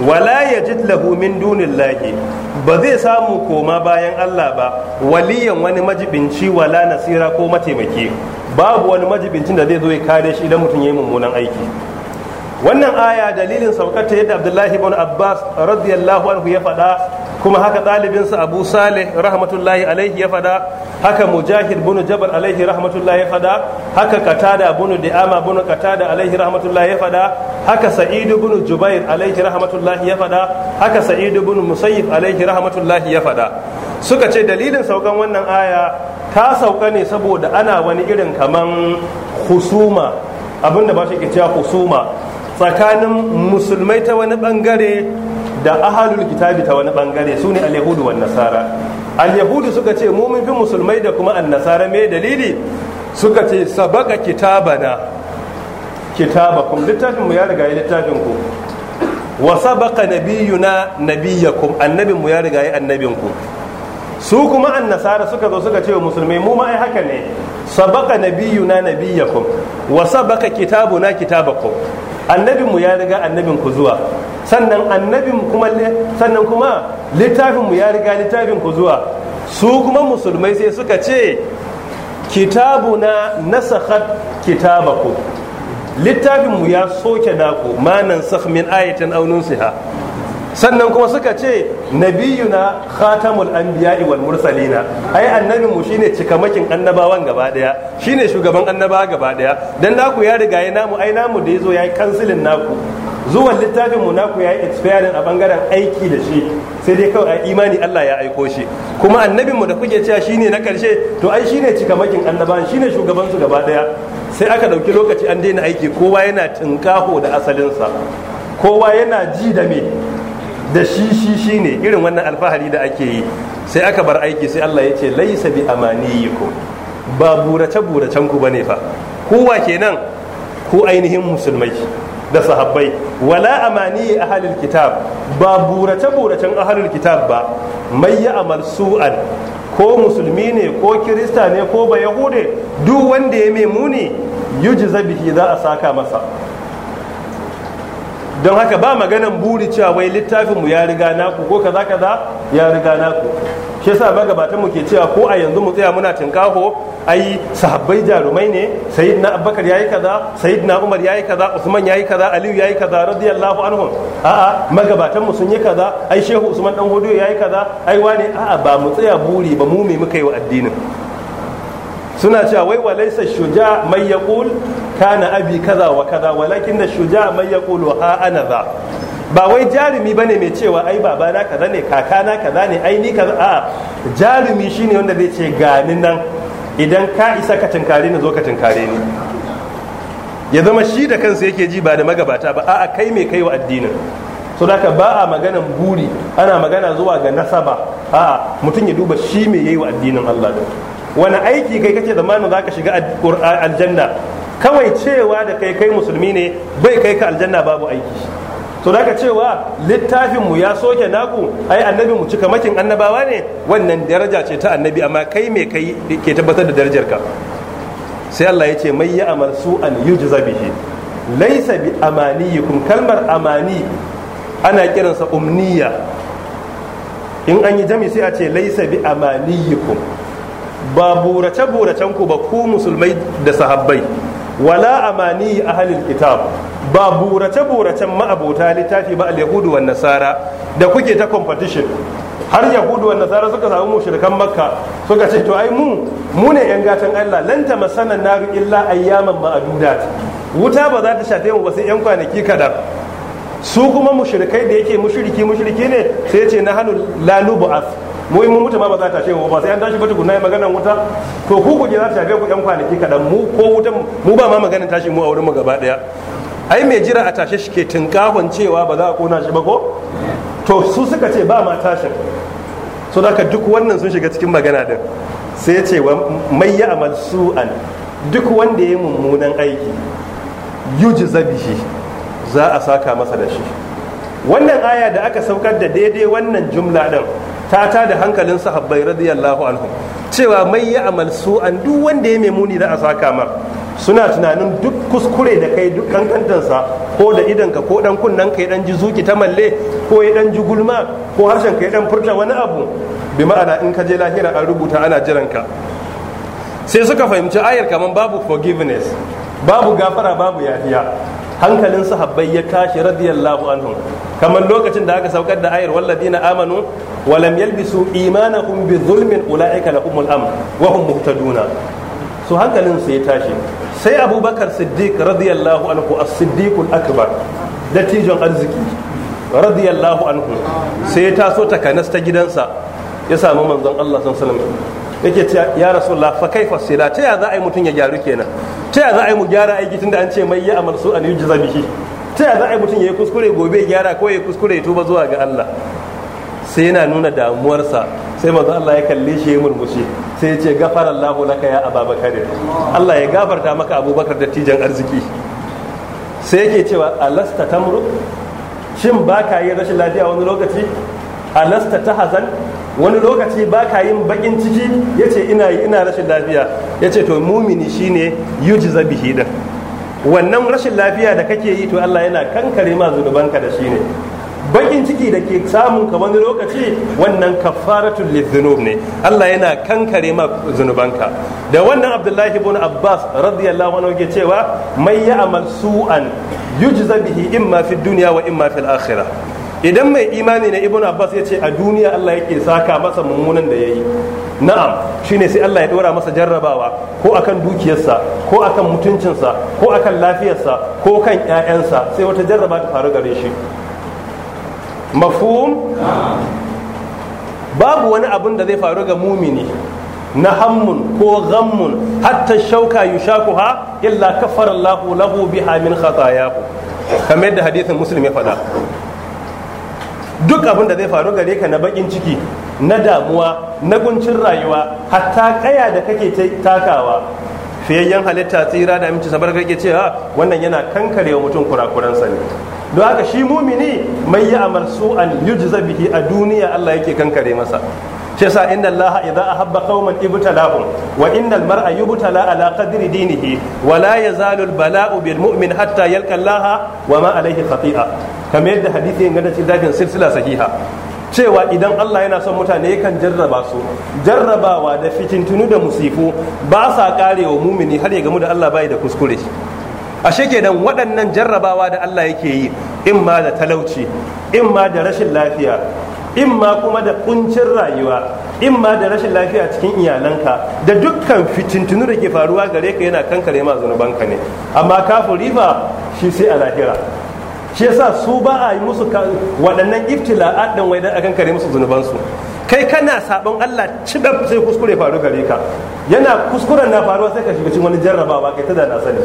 wala yajid lahu min dunillahi ba zai samu koma bayan Allah ba waliyan wani majibinci wala nasira ko mataimaki babu wani majibincin da zai zo ya kare shi idan mutum ya yi mummunan aiki wannan aya dalilin saukar ta yadda abdullahi ibn abbas radiyallahu anhu ya faɗa kuma haka ɗalibinsa abu saleh rahmatullahi alaihi ya fada haka mujahid bunu jabal alaihi rahmatullahi ya fada haka katada bunu di'ama bunu katada alaihi rahmatullahi ya fada haka sa'idu bunu jubair alaihi rahmatullahi ya fada haka sa'idu bunu musayyib alaihi rahmatullahi ya fada suka ce dalilin saukan wannan aya ta sauka ne saboda ana wani irin kaman husuma abinda ba shi ke cewa husuma tsakanin musulmai ta wani bangare da ahalul kitabi ta wani bangare su ne al wa wan nasara al suka ce mu mun fi musulmai da kuma an-nasara me dalili suka ce sabaka kitabana kitabakum littafin mu ya riga yi littafin ku wa sabaka nabiyuna nabiyakum annabin mu ya riga yi annabin ku su kuma annasara suka zo suka ce wa musulmai mu ma ai haka ne sabaka nabiyuna nabiyakum wa sabaka kitabuna kitabakum annabinmu ya riga annabin ku zuwa sannan annabin kuma sannan kuma littafinmu ya riga littafin ku zuwa su kuma musulmai sai suka ce kitabuna nasakhat kitabaku littafinmu ya soke naku manan sakh min ayatin aunin siha sannan kuma suka ce nabiyuna khatamul biya wal mursalina ai annabin mu shine cikamakin annabawan gaba daya shine shugaban annabawa gaba daya dan naku ya riga ya namu ai namu da yazo yayi kansilin naku zuwan littafin mu naku yayi expiring a bangaren aiki da shi sai dai kawai a imani Allah ya aiko shi kuma annabin mu da kuke cewa shine na karshe to ai shine cikamakin annabawan shine shugaban su gaba daya sai aka dauki lokaci an daina aiki kowa yana tinkaho da asalinsa kowa yana ji da me da shi shi shi ne irin wannan alfahari da ake yi sai aka bar aiki sai Allah ya ce laisa bi amaniyikum ba burace buracen ku bane fa kowa kenan ku ainihin musulmai da sahabbai wala amani ahalil kitab ba burace buracen ahalil kitab ba mai ya amal su'an ko musulmi ne ko kirista ne ko ba yahude duk wanda ya mai muni yujza bihi za a saka masa don haka ba maganan buri cewa wai littafin mu ya riga naku ko kaza kaza ya riga naku shi yasa magabatan mu ke cewa ko a yanzu mu tsaya muna tinkaho ai sahabbai jarumai ne sayyidina abubakar yayi kaza sayyidina umar yayi kaza usman yayi kaza aliyu yayi kaza radiyallahu anhum a'a magabatan mu sun yi kaza ai shehu usman dan hudu yayi kaza ai wani a'a ba mu tsaya buri ba mu me muka yi wa addinin suna cewa wai walaisa shuja mai Ka kana abi kaza wa kaza walakin da shuja mai yaqulu ha ana za ba wai jarumi ba ne mai cewa ai na, kaza ne kaka kakana kaza ne ai ni kaza a jarumi shine wanda zai ce gani nan idan ka isa ka tinkare ni zo ka tinkare ni ya zama shi da kansa yake ji ba da magabata ba a'a kai mai kai wa addinin so da ba a maganan buri ana magana zuwa ga nasaba a'a mutum ya duba shi mai yayi wa addinin Allah da wani aiki kai kake zamanin za ka shiga aljanna kawai cewa da kai kai musulmi ne bai kai ka aljanna babu aiki to da cewa littafinmu ya soke naku ai annabi mu cika makin annabawa ne wannan daraja ce ta annabi amma kai me kai ke tabbatar da darajar ka sai Allah ya ce mai ya amar su an yujza bihi laysa bi amaniyikum kalmar amani ana kiransa umniya in an yi jami sai a ce laysa bi amaniyikum ba burace buracen ku ba ku musulmai da sahabbai wala amani halin kitab ba burace buracen abota littafi ba al-yahudu wan nasara da kuke ta competition har yahudu wa nasara suka samu mushrikan makka suka ce to ai mu mu ne yan gatan Allah lan ta masana naru illa ayyaman ma'adudat wuta ba za ta shafe mu ba sai yan kwanaki kaɗan. su kuma mushrikai da yake mushriki mushriki ne sai ce na hanu Lalubu As. Muhimmin mun mutu ba za ta ce ba sai an tashi ba tukunna maganar wuta to ku ku za ta ku yan kwanaki kadan mu ko wutan mu ba ma maganar tashi mu a wurin mu gaba daya ai mai jira a tashe shi ke tinkahon cewa ba za a kona shi ba ko to su suka ce ba ma tashin so da duk wannan sun shiga cikin magana din sai ce wa mai ya amal su'an duk wanda ya mummunan aiki yuji zabihi za a saka masa da shi wannan aya da aka saukar da daidai wannan jumla din ta ta da hankalin sahabbai radiyallahu anhu cewa mai ya amal su'an duk wanda ya memuni da a saka mar suna tunanin duk kuskure da kai duk kankantansa ko da ka ko dan kunnen ka dan ji zuki ta malle ko ya dan ji gulma ko harshen ka dan furta wani abu bi ma'ana in ka je lahira an rubuta ana jiran ka sai suka fahimci ayar kaman babu forgiveness babu gafara babu yafiya hankalin sahabbai ya tashi radiyallahu anhu kamar lokacin da aka saukar da ayar walladina amanu wa lam yalbisu imanahum bi zulmin ulaika lahumul amn wa hum muhtaduna su hankalin su ya tashi sai abubakar siddiq radiyallahu anhu as-siddiqul akbar dattijon arziki radiyallahu anhu sai ya taso ta kanasta gidansa ya samu manzon Allah sallallahu alaihi wasallam yake ce ya rasulullah fa kai fasila ta ya za a yi mutum ya gyaru kenan ta ya za a yi mu gyara aiki tunda an ce mai ya amal su an yujza bihi ta ya za a yi mutum ya yi kuskure gobe ya gyara ko ya kuskure ya tuba zuwa ga Allah sai yana nuna damuwarsa sai manzo Allah ya kalle shi ya murmushi sai ya ce gafara Allahu laka ya Ababakar Allah ya gafarta maka Abubakar dattijan arziki sai yake cewa alasta tamru shin baka yi rashin lafiya wani lokaci alasta tahzan wani lokaci ba ka yin bakin ciki ya ce ina yi ina rashin lafiya ya ce to mumini ne yuji zabihi din wannan rashin lafiya da kake yi to Allah yana kankare ma zunubanka da shi ne bakin ciki da ke samun ka wani lokaci wannan kafaratul lidhunub ne Allah yana kankare ma zunubanka da wannan Abdullahi ibn Abbas radiyallahu anhu ke cewa mai ya amal su'an yujza bihi imma fi duniya wa imma fil akhirah idan mai imani na ibn abbas ya ce a duniya allah yake saka masa mummunan da ya yi na'am shine sai allah ya dora masa jarrabawa ko akan dukiyarsa ko akan mutuncinsa ko akan lafiyarsa ko kan 'ya'yansa sai wata jarraba ta faru gare shi mafhum babu wani abin da zai faru ga mumini na hammun ko ghammun hatta shauka ha illa kafara Allahu lahu biha min khatayahu kamar yadda hadithin muslim ya faɗa duk abin da zai faru gare ka na bakin ciki na damuwa na guncin rayuwa hatta kaya da kake takawa fiyayyen halitta tsira da aminci sabar kake cewa wannan yana kankarewa mutum kurakuransa ne don haka shi mumini mai yi amar su'an yujza bihi a duniya Allah yake kankare masa shi yasa inna allaha idza ahabba qauman ibtalahum wa innal mar'a yubtala ala qadri dinihi wa la yazalu bala'u bil mu'min hatta yalqa allaha wa ma alayhi khati'a kamar yadda hadisi da cikin dafin silsila sahiha cewa idan Allah yana son mutane yakan jarraba su jarrabawa da fitintunu da musifu ba sa karewa mumini har ya gamu da Allah bai da kuskure ashe kenan waɗannan jarrabawa da Allah yake yi in ma da talauci in ma da rashin lafiya in ma kuma da kuncin rayuwa in ma da rashin lafiya cikin iyalanka da dukkan fitintunu da ke faruwa gare ka yana kankare ma zunubanka ne amma kafin rifa, shi sai a lahira shi yasa su ba a yi musu waɗannan iftila'at ɗin wai dan a kankare musu zunubansu kai kana sabon Allah cibab sai kuskure faru gare ka yana kuskuren na faruwa sai ka shiga cikin wani jarrabawa kai ta da na sani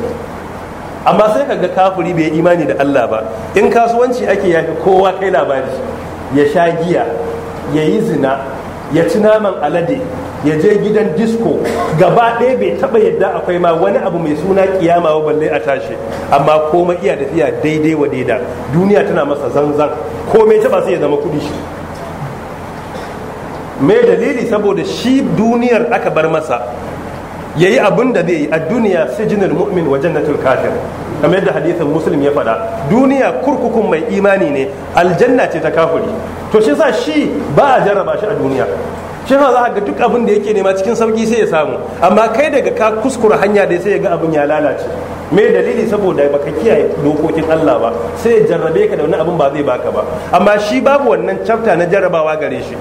amma sai ka ga kafuri bai imani da Allah ba in kasuwanci ake yafi kowa kai labari ya sha giya ya yi zina ya ci naman alade ya je gidan disco gaba ɗaya bai taɓa yadda akwai ma wani abu mai suna kiyama wa balle a tashi amma komai iya tafiya daidai wa daida duniya tana masa zanzan komai taɓa sai ya zama kuɗi shi me dalili saboda shi duniyar aka bar masa ya yi abin da zai yi a duniya sijinul mu'min wa jannatul kafir kamar yadda hadisin muslim ya faɗa duniya kurkukun mai imani ne aljanna ce ta kafuri to shi sa shi ba a jarraba shi a duniya shi sa za ga duk abin da yake nema cikin sauki sai ya samu amma kai daga ka kuskura hanya da sai ya ga abin ya lalace me dalili saboda baka kiyaye dokokin Allah ba sai ya jarrabe ka da wani abin ba zai baka ba amma shi babu wannan chapter na jarrabawa gare shi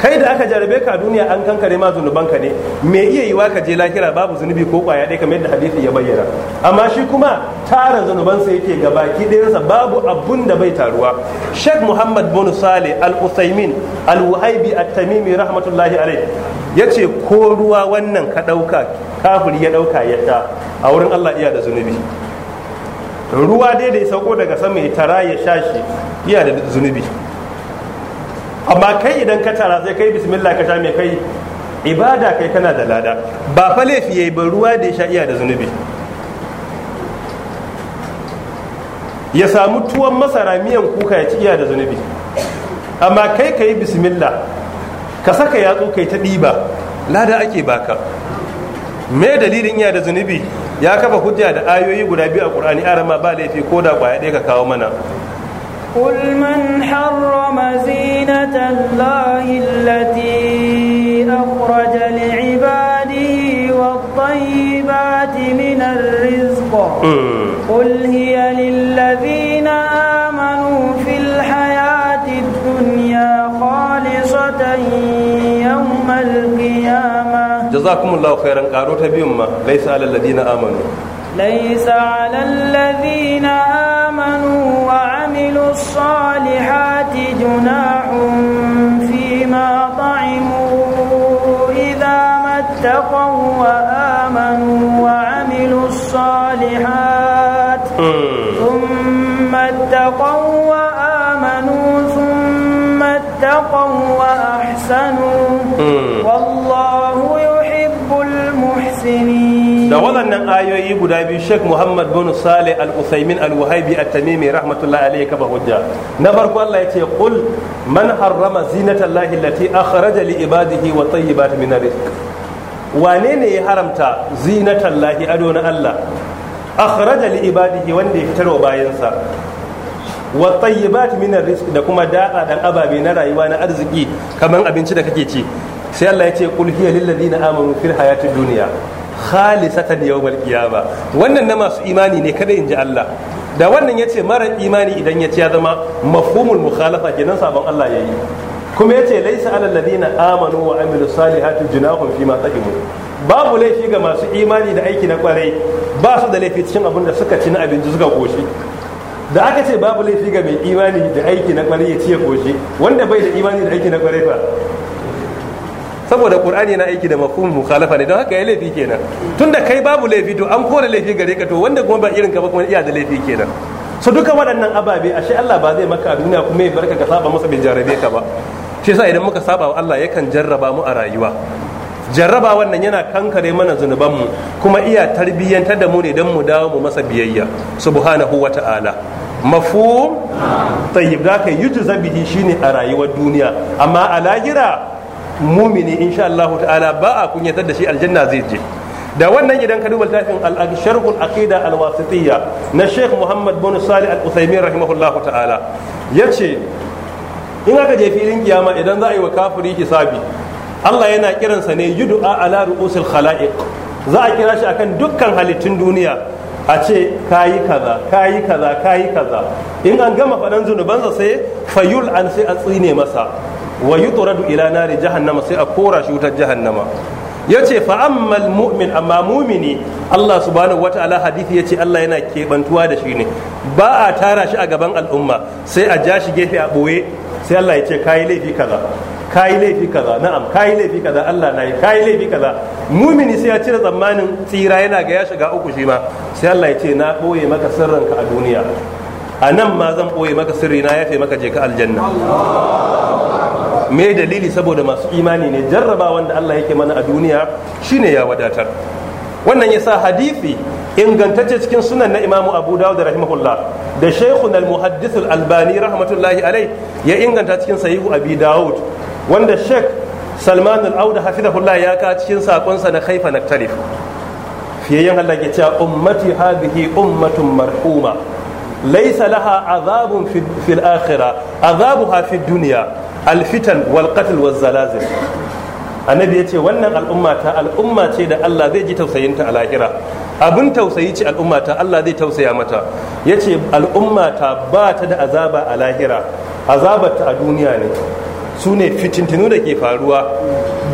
kai da aka jarabe ka duniya an kankare ma zunubanka ne me iya yiwa ka je lahira babu zunubi ko kwaya dai kamar yadda hadisi ya bayyana amma shi kuma tara zunubansa yake gabaki ɗayansa babu abun da bai taruwa sheikh muhammad bin saleh al usaimin al wahibi at tamimi rahmatullahi ya ce, ko ruwa wannan ka ɗauka kafir ya ɗauka yadda a wurin allah iya da zunubi ruwa dai da ya sauko daga sama ya tara ya sha shi iya da zunubi amma kai idan ka tara sai kai bismillah ka tame kai ibada kai kana da lada ba fa laifi yayi ba ruwa da ya sha iya da zunubi ya samu tuwon masara miyan kuka ya ci iya da zunubi amma kai ka yi bismillah ka saka yatsu kai ta ɗiba lada ake baka me dalilin iya da zunubi ya kafa hujja da ayoyi guda biyu a qur'ani arama ba laifi ko da kwaya ɗaya ka kawo mana qul man harrama zina زينة الله التي أخرج لعباده والطيبات من الرزق قل هي للذين آمنوا في الحياة الدنيا خالصة يوم القيامة جزاكم الله خيرا قالوا تبيما ليس على الذين آمنوا ليس على الذين آمنوا وعلى وعملوا الصالحات جناح فيما طعموا إذا ما اتقوا وآمنوا وعملوا الصالحات hmm. ثم اتقوا وآمنوا ثم اتقوا وأحسنوا hmm. ra'ayoyi guda biyu Sheikh Muhammad bin Saleh Al-Utsaimin Al-Wahabi At-Tamimi rahmatullahi alayhi ka hujja na farko Allah yace qul man harrama zinatallahi allati akhraja li ibadihi wa tayyibat min rizq wane ne ya haramta zinatallahi ado na Allah akhraja li ibadihi wanda ya fitarwa bayansa wa tayyibat min rizq da kuma da'a dan ababe na rayuwa na arziki kaman abinci da kake ci sai Allah yace qul hiya lil ladina amanu fil hayatid dunya khalisatan yawmal qiyama wannan na masu imani ne kada in ji Allah da wannan yace mara imani idan ya ci ya zama mafhumul mukhalafa kenan sabon Allah yayi kuma yace laisa alal ladina amanu wa amilus salihati junahum fima taqimun babu laifi ga masu imani da aiki na kwarai ba su da laifi cikin abin da suka ci na abinci suka koshi da aka ce babu laifi ga mai imani da aiki na kwarai ya ci ya koshi wanda bai da imani da aiki na kwarai fa saboda qur'ani yana aiki da mafhum mukhalafa ne don haka ya laifi kenan tunda kai babu laifi to an kore laifi gare ka to wanda kuma ba irin ka ba kuma iya da laifi kenan so duka waɗannan ababe ashe Allah ba zai maka a duniya kuma ya barka ka saba masa bai jarrabe ka ba shi yasa idan muka saba wa Allah yakan jarraba mu a rayuwa jarraba wannan yana kankare mana zunuban mu kuma iya tarbiyyantar da mu ne don mu dawo mu masa biyayya subhanahu wa ta'ala mafhum tayyib da ka yujza bihi shine a rayuwar duniya amma a lahira mumini insha Allah ta'ala ba a kunyatar da shi aljanna zai je da wannan idan ka duba littafin al al aqida al-wasitiyya na Sheikh Muhammad bin Salih al uthaymeen rahimahullahu ta'ala yace in aka je filin kiyama idan za a yi wa kafiri hisabi Allah yana kiransa ne yud'a ala ru'usil khala'iq za a kira shi akan dukkan halittun duniya a ce kayi kaza kayi kaza kayi kaza in an gama faɗan zunubansa sai fayul an sai a tsine masa wa yutradu ila nari jahannama sai a kora shi wutar jahannama yace fa ammal mu'min amma mumini Allah subhanahu wataala hadisi yace Allah yana kebantuwa da shi ne ba a tara shi a gaban al'umma sai a ja shi gefe a boye sai Allah yace kai laifi kaza kai laifi kaza na'am kai laifi kaza Allah nayi kai laifi kaza mumini sai ya cire tsammanin tsira yana ga ya shiga uku shi ma sai Allah yace na boye maka sirrinka a duniya a nan ma zan boye maka sirri na yafe maka je ka aljanna me dalili saboda masu imani ne jarraba wanda Allah yake mana a duniya shine ya wadatar wannan ya sa hadisi ingantacce cikin sunan na imamu abu dawud rahimahullah da shaykhun al-muhaddith al-albani rahmatullahi alai ya inganta cikin sahihu abi dawud wanda sheikh salman al-auda hafizahullah ya ka cikin sa na kaifa naktarif fiyayyen Allah ya ce ummati hadhihi ummatun marhuma laysa laha azabun fil akhirah azabuha fid dunya alfitan wal qatl wal annabi ya ce wannan al'umma ta al'umma ce da Allah zai ji tausayinta a lahira Abun tausayi ce al'umma ta Allah zai tausaya mata ya ce al'umma ta ba ta da azaba a lahira azabar ta a duniya ne su ne fitintinu da ke faruwa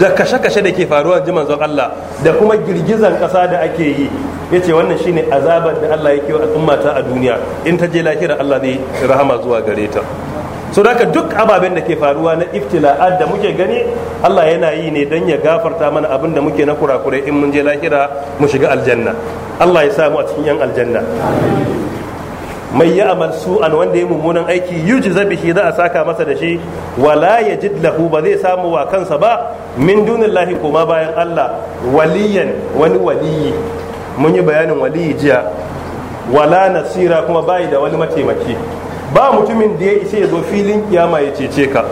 da kashe-kashe da ke faruwa ji manzon Allah da kuma girgizan ƙasa da ake yi ya ce wannan shine azabar da Allah ya kewa al'umma ta a duniya in ta je lahira Allah zai rahama zuwa gare ta. so haka duk ababen da ke faruwa na iftila'at da muke gani Allah yana yi ne don ya gafarta mana abin da muke na kurakurai in mun je lahira mu shiga aljanna Allah ya samu a cikin yan aljanna mai ya amal su'an wanda ya mummunan aiki zabi shi za a saka masa da shi wala ji lahu ba zai samu wa kansa ba min lahi kuma bayan Allah waliyan wani waliyi mun yi bayanin waliyi jiya wala nasira kuma bayi da wani mataimaki ba mutumin da ya isa ya zo filin kiyama ya cece ka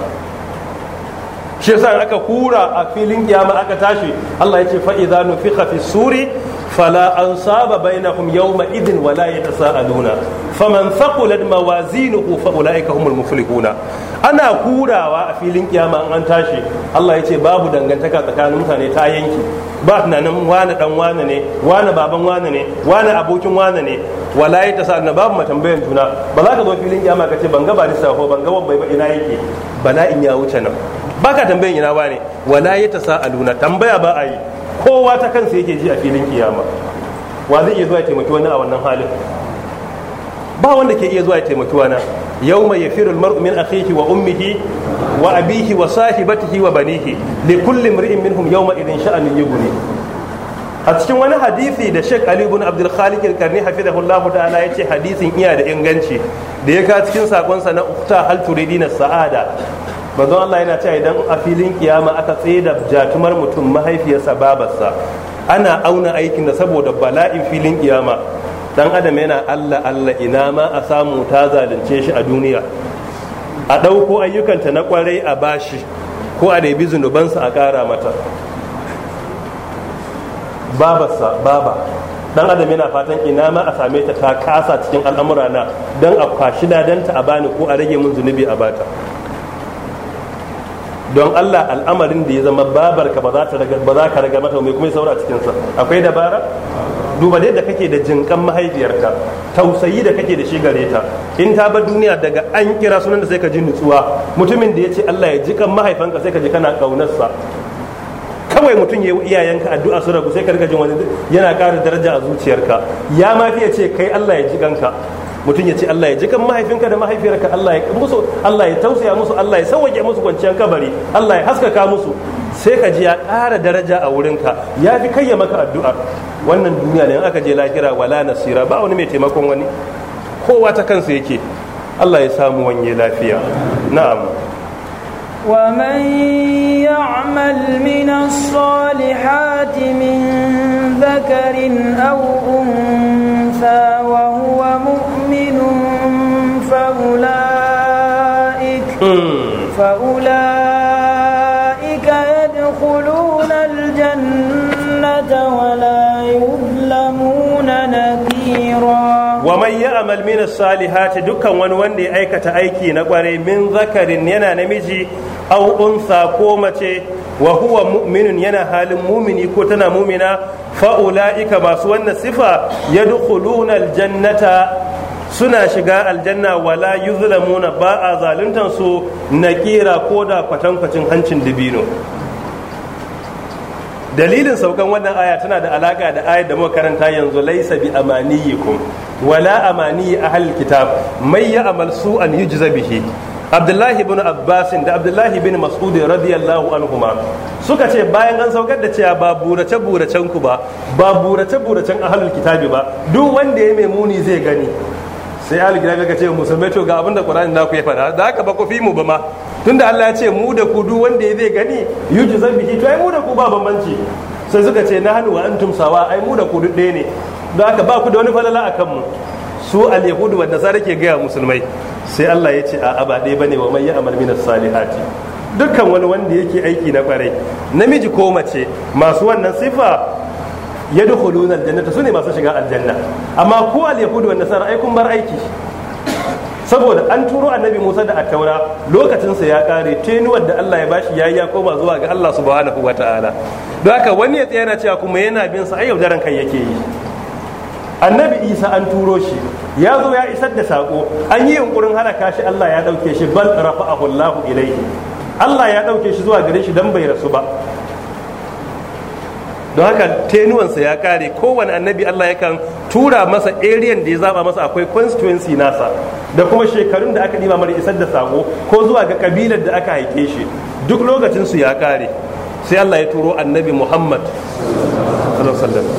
shi yasa aka kura a filin kiyama aka tashi Allah ya ce fa idza nufikha fi suri فلا أنصاب بينهم يومئذ ولا يتساءلون فمن ثقلت موازينه فأولئك هم المفلحون أنا كورا وفي لينك يا من أنتاشي الله يتي بابو دنگantaka tsakanin mutane ta yanki ba tunanin wani dan wani ne wani baban wani ne wani abokin wani ne wala ya ta babu matambayan juna ba za ka zo filin kiyama ka ce ban ga ba lissafo ban ga wabbai ba ina yake bala'in ya wuce nan baka tambayan ina wala ya ta sa'aluna tambaya ba a yi kowa ta kansa yake ji a filin kiyama wa zai iya zuwa ya taimaki wani a wannan halin ba wanda ke iya zuwa ya taimaki wani yau mai yafirul mar'umin a wa ummihi wa abihi wa sahibatihi wa banihi li kullum ri'in minhum mai idin sha'anin guri. a cikin wani hadisi da Sheikh Ali ibn Abdul Khaliq al-Karni hafizahullahu ta'ala ce hadisin iya da inganci da ya ka cikin sakonsa na ukta hal turidina sa'ada manzon Allah yana cewa idan a filin kiyama aka tseda jatumar mutum mahaifiyarsa babarsa ana auna aikin da saboda bala'in filin kiyama dan adam yana Allah Allah ina ma a samu ta zalunce shi a duniya a ɗauko ayyukanta na kwarai a bashi ko a ɗabi zunubansa a ƙara mata babarsa baba dan adam yana fatan ina ma a same ta ta kasa cikin al'amura na dan a kwashi dadanta a bani ko a rage mun zunubi a bata don Allah al'amarin da ya zama babar ka ba za ka raga mata mai kuma ya saura cikinsa akwai dabara duba da kake da jinkan mahaifiyarka tausayi da kake da shi gare ta in ta ba duniya daga an kira sunan da sai ka ji nutsuwa mutumin da ya ce Allah ya ji kan mahaifanka sai ka ji kana kaunarsa kawai mutum ya yi iyayenka addu'a su ku sai ka rika jin wani yana ƙara daraja a zuciyarka ya ma fiye ce kai Allah ya ji kanka mutum ya ce Allah ya ji kan mahaifinka da mahaifiyarka Allah ya musu Allah ya tausaya musu Allah ya sauke musu kwanciyar kabari Allah ya haskaka musu sai ka ji ya ƙara daraja a wurinka ya fi kayya maka addu'a wannan duniya ne aka je lahira wala nasira ba wani mai taimakon wani kowa ta kansa yake Allah ya samu wanye lafiya na'am ومن يعمل من الصالحات من ذكر أو أنثى وهو فأولئك يدخلون الجنة ولا يظلمون نذيرا ومن يعمل من الصالحات دكا وان وان دي أيكة أيكي نقري من ذكر ينا نمجي أو أنثى قومة wa huwa mu'minun yana halin mumini ko tana mumina fa'ula'ika masu wannan sifa yadkhuluna aljannata suna shiga aljanna wala yuzlamuna ba a zaluntan su na kira ko da kwatankwacin hancin dibino dalilin saukan wannan aya tana da alaka da ayat da muka karanta yanzu laisa bi amaniyikum wala amani ahlul kitab may ya'mal su'an yujza bihi abdullahi bin Abbas da abdullahi bin mas'ud radiyallahu anhuma suka ce bayan an saukar da cewa ba burace buracen ku ba ba burace buracen ahlul kitabi ba duk wanda ya mai muni zai gani sai ahli kitabi ka ce musulmai to ga abin da qur'ani na ku ya faɗa da haka ba ku fi mu ba ma tunda Allah ya ce mu da kudu wanda ya zai gani yujzan bihi to ai mu da ku ba bambanci sai suka ce na hannu wa antum sawa ai mu da ku duk ɗaya ne da haka ba ku da wani falala akan mu su al-yahudu wa nasara ke gaya musulmai sai Allah ya ce a ba ɗaya bane wa man ya'mal min as-salihati dukkan wani wanda yake aiki na kwarai namiji ko mace masu wannan sifa ya yadkhuluna aljannata ne masu shiga aljanna amma ko al yahudu wanda nasara ai bar aiki saboda an turo annabi Musa da attaura lokacinsa ya kare tenuwar da Allah ya bashi yayi ya koma zuwa ga Allah subhanahu ta'ala don haka wani ya tsaya cewa kuma yana bin sa ayyau daren kai yake yi annabi Isa an turo shi ya zo ya isar da sako an yi yunkurin halaka shi Allah ya dauke shi bal rafa'ahu Allah ilaihi. Allah ya dauke shi zuwa gare shi dan bai rasu ba don haka tenuwansa ya kare kowane annabi Allah yakan tura masa ariyan da ya zaba masa akwai constituency nasa da kuma shekarun da aka ɗiba mara isar da sako ko zuwa ga kabilar da aka haike shi duk lokacin su ya kare sai Allah ya turo annabi Muhammad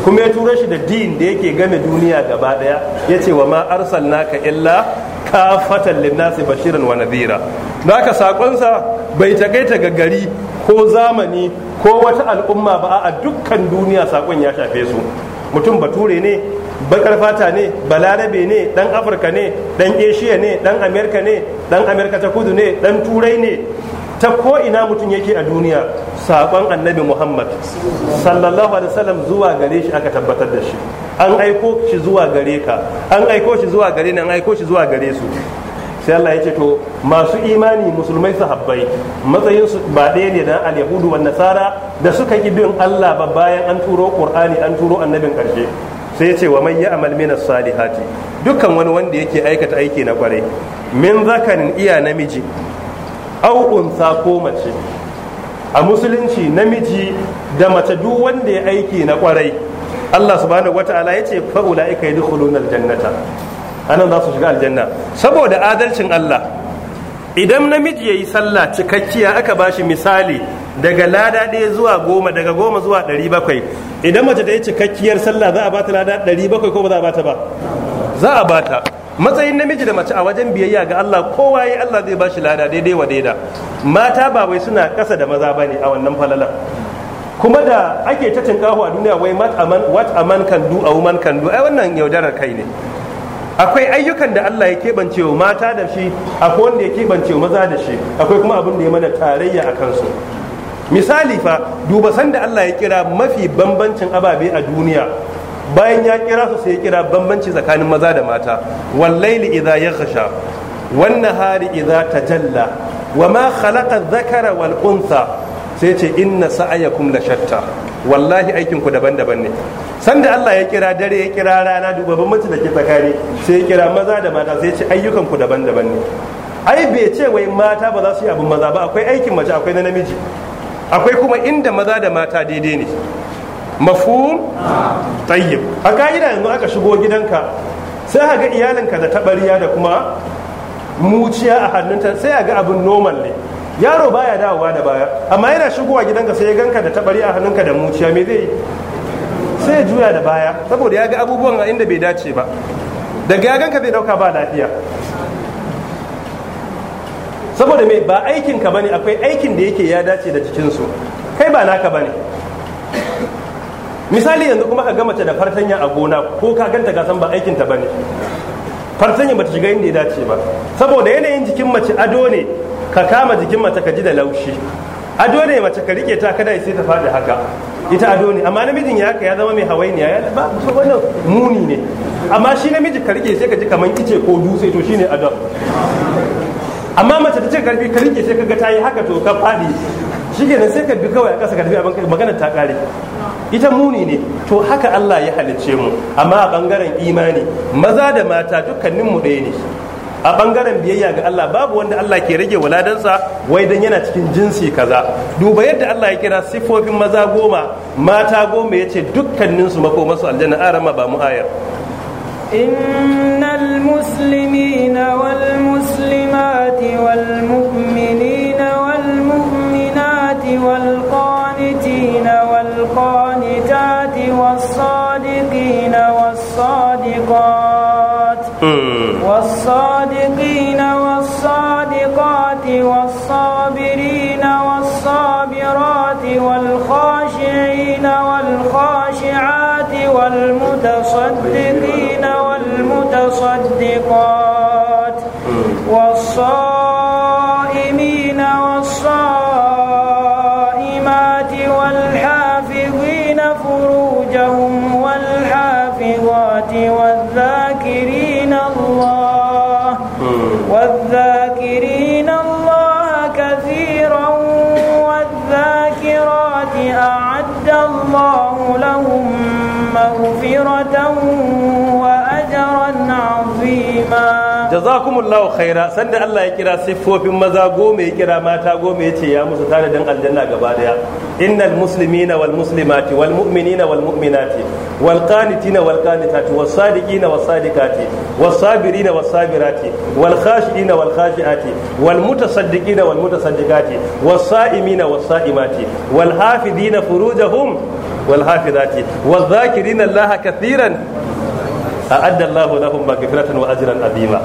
kuma ya turo shi da din da yake game duniya gaba daya ya ce wa ma arsalnaka illa kafatan linnasi bashiran wa nadhira da aka saƙonsa bai takaita ga gari ko zamani ko wata al'umma ba a dukkan duniya saƙon ya shafe su mutum bature ne bakar fata ne balarabe ne dan afirka ne dan asia ne dan amerika ne dan amerika ta kudu ne dan turai ne ta ko ina mutum yake a duniya saƙon annabi muhammad sallallahu alaihi wasallam zuwa gare shi aka tabbatar da shi an aiko shi zuwa gare ka an aiko shi zuwa gare ni an aiko shi zuwa gare su sai Allah ya ce to masu imani musulmai sahabbai matsayin su ba ɗaya ne da al-yahudu wa nasara da suka ki bin Allah ba bayan an turo Qur'ani an turo annabin karshe sai ya ce wa man ya'mal min as-salihati dukkan wani wanda yake aikata aiki na kwarai min zakarin iya namiji aw unsa ko mace a musulunci namiji da mace duk wanda ya aiki na kwarai Allah subhanahu wata'ala ya ce fa'ula'ika yadkhuluna al-jannata anan za su shiga aljanna saboda adalcin Allah idan namiji yayi sallah cikakkiya aka ba shi misali daga lada ɗaya zuwa goma daga goma zuwa ɗari bakwai idan mace ta yi cikakkiyar sallah za a ba ta lada ɗari bakwai ko ba za a ba ta ba za a ba ta matsayin namiji da mace a wajen biyayya ga Allah kowa ya Allah zai bashi lada daidai wa daida mata ba wai suna ƙasa da maza bane a wannan falala kuma da ake ta tinkaho a duniya wai what a man can do a woman can do ai wannan yaudarar kai ne akwai ayyukan da Allah ya keɓance wa mata da shi akwai wanda ya keɓance wa maza da shi akwai kuma abin da ya mana tarayya a kansu misali fa duba sanda Allah ya kira mafi bambancin ababe a duniya bayan ya kira su sai ya kira bambanci tsakanin maza da mata wallaili idza yaghsha wan nahari idza tajalla wa ma khalaqa dhakara wal untha sai ce inna sa'ayakum la shatta wallahi aikin ku daban-daban ne sanda Allah ya kira dare ya kira rana babban mace da ke tsakani sai ya kira maza da mata sai ya ce ayyukan ku daban-daban ne ai bai ce wai mata ba za su yi abin maza ba akwai aikin mace akwai na namiji akwai kuma inda maza da mata daidai ne mafhum tayyib a ka'ida yanzu aka shigo gidanka sai ga iyalinka da tabariya da kuma muciya a hannunta sai ga abin normal ne yaro baya dawowa da baya amma yana shigowa gidanka sai ya ganka da tabari a hannunka da muciya me zai yi sai ya juya da baya saboda ya ga abubuwan a inda bai dace ba daga ya ganka zai dauka ba lafiya saboda me ba aikin ka bane akwai aikin da yake ya dace da jikinsu kai ba naka bane misali yanzu kuma ka ga mace da fartanya a gona ko ka ganta ka san ba aikin ta bane fartanya bata shiga inda ya dace ba saboda yanayin jikin mace ado ne ka kama jikin mace ka ji da laushi ado ne mace ka rike ta kada sai ta faɗi haka ita ado ne amma namijin ya haka ya zama mai hawainiya ya ba so wannan muni ne amma shi namiji ka rike sai ka ji kaman ice ko dutse to shine ado amma mace ta ce karfi ka rike sai ka ga ta yi haka to ka faɗi shi kenan sai ka bi kawai a ƙasa ka tafi abin kai magana ta ƙare ita muni ne to haka Allah ya halicce mu amma a ɓangaren imani maza da mata dukkaninmu ɗaya ne a bangaren biyayya ga Allah babu wanda Allah ke rage waladansa wai dan yana cikin jinsi kaza duba yadda Allah ya kira sifofin maza goma mata goma yace dukkanin su masu aljanna arama ba mu ayar mu'minati wal qanitina wal qanitati was sadiqina was والصادقات والصادقين والصادقات والصابرين والصابرات والخاشعين والخاشعات والمتصدقين jazakumullahu khaira sanda Allah ya kira siffofin maza goma ya kira mata goma ya ce ya musu da aljanna gaba daya innal muslimina wal muslimati wal mu'minina wal mu'minati wal qanitina wal qanitati was sadiqina was sadiqati was sabirina was sabirati wal khashiina wal khashiati wal mutasaddiqina wal mutasaddiqati was sa'imina was sa'imati wal hafidina furujahum wal hafidati wal dhakirina Allah kathiran a'adda Allahu lahum maghfiratan wa ajran azima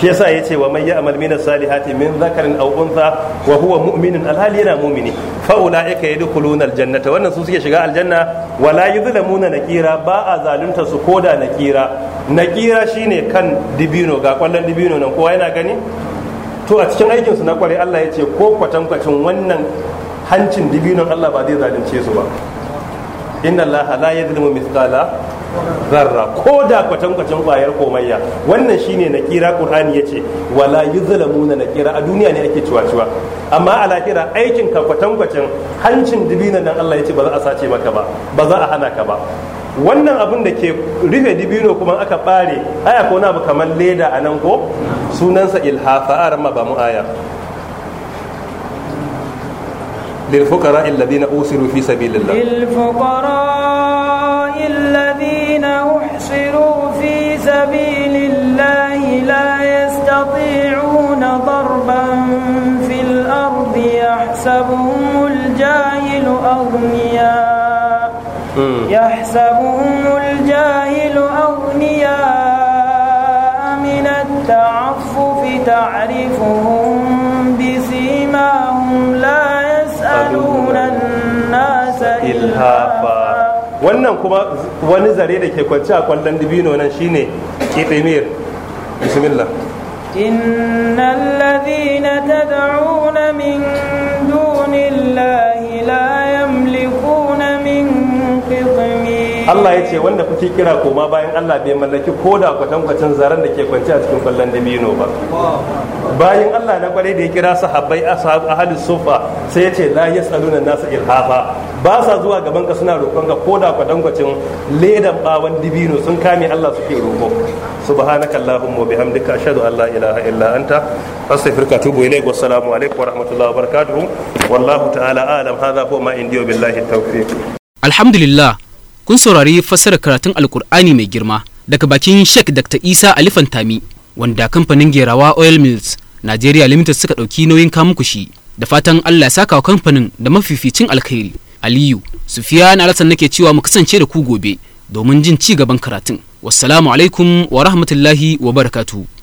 shi yasa ce wa man ya'mal min salihati min zakarin aw untha wa huwa mu'minun alhali yana mu'mini fa ulaika yadkhuluna aljannata wannan su suke shiga aljanna wa la yuzlamuna nakira ba a zalunta su koda nakira nakira shine kan dibino ga kwallon dibino nan kowa yana gani to a cikin aikin su na kware Allah ya ce ko kwatankwacin wannan hancin dibinon Allah ba zai zalunce su ba inna allah la yadhlimu mithqala zarra ko da kwatan kwatan kwayar komayya wannan shine na kira qur'ani yace wala yuzlamuna na kira a duniya ne ake ciwa ciwa amma a lahira aikin ka kwatan kwatan hancin dibina nan Allah yace ba za a sace maka ba ba za a hana ka ba wannan abin da ke rufe dibino kuma aka bare aya ko na abu kamar leda a nan ko sunansa ilhafa a ba mu aya للفقراء الذين أوسروا في سبيل الله للفقراء الذين أحصروا في سبيل الله لا يستطيعون ضربا في الأرض يحسبهم الجاهل أغنياء يحسبهم الجاهل أغنياء من التعفف تعرفهم بسيماهم ilhafa wannan kuma wani zare da ke kwanci a kwallon dibino nan shine kitimir bismillah إن الذين تدعون من دون الله لا Allah ya ce wanda kuke kira koma bayan Allah bai mallaki ko da kwatankwacin zaren da ke kwance a cikin kwallon dabino ba bayan Allah na kwarai da ya kira sahabbai ahlus sufa sai ya ce la na nasa ilhafa ba sa zuwa gaban ka suna roƙon ka ko da kwatankwacin ledan bawan dabino sun kame Allah suke roƙo subhanaka allahumma bihamdika ashhadu an la ilaha illa anta astaghfiruka wa ilayk wassalamu alaikum wa rahmatullahi wa barakatuh wallahu ta'ala a'lam hadha huwa ma indiyo billahi tawfiq alhamdulillah kun saurari fassarar karatun alkur'ani mai girma daga bakin sheik dr isa alifan tami wanda kamfanin gerawa oil mills nigeria limited suka ɗauki nauyin kamuku shi da fatan allah ya wa kamfanin da mafificin alkhairi aliyu sufiya na alasan nake cewa mu kasance da ku gobe domin jin ci gaban karatun wassalamu alaikum wa rahmatullahi wa barakatuhu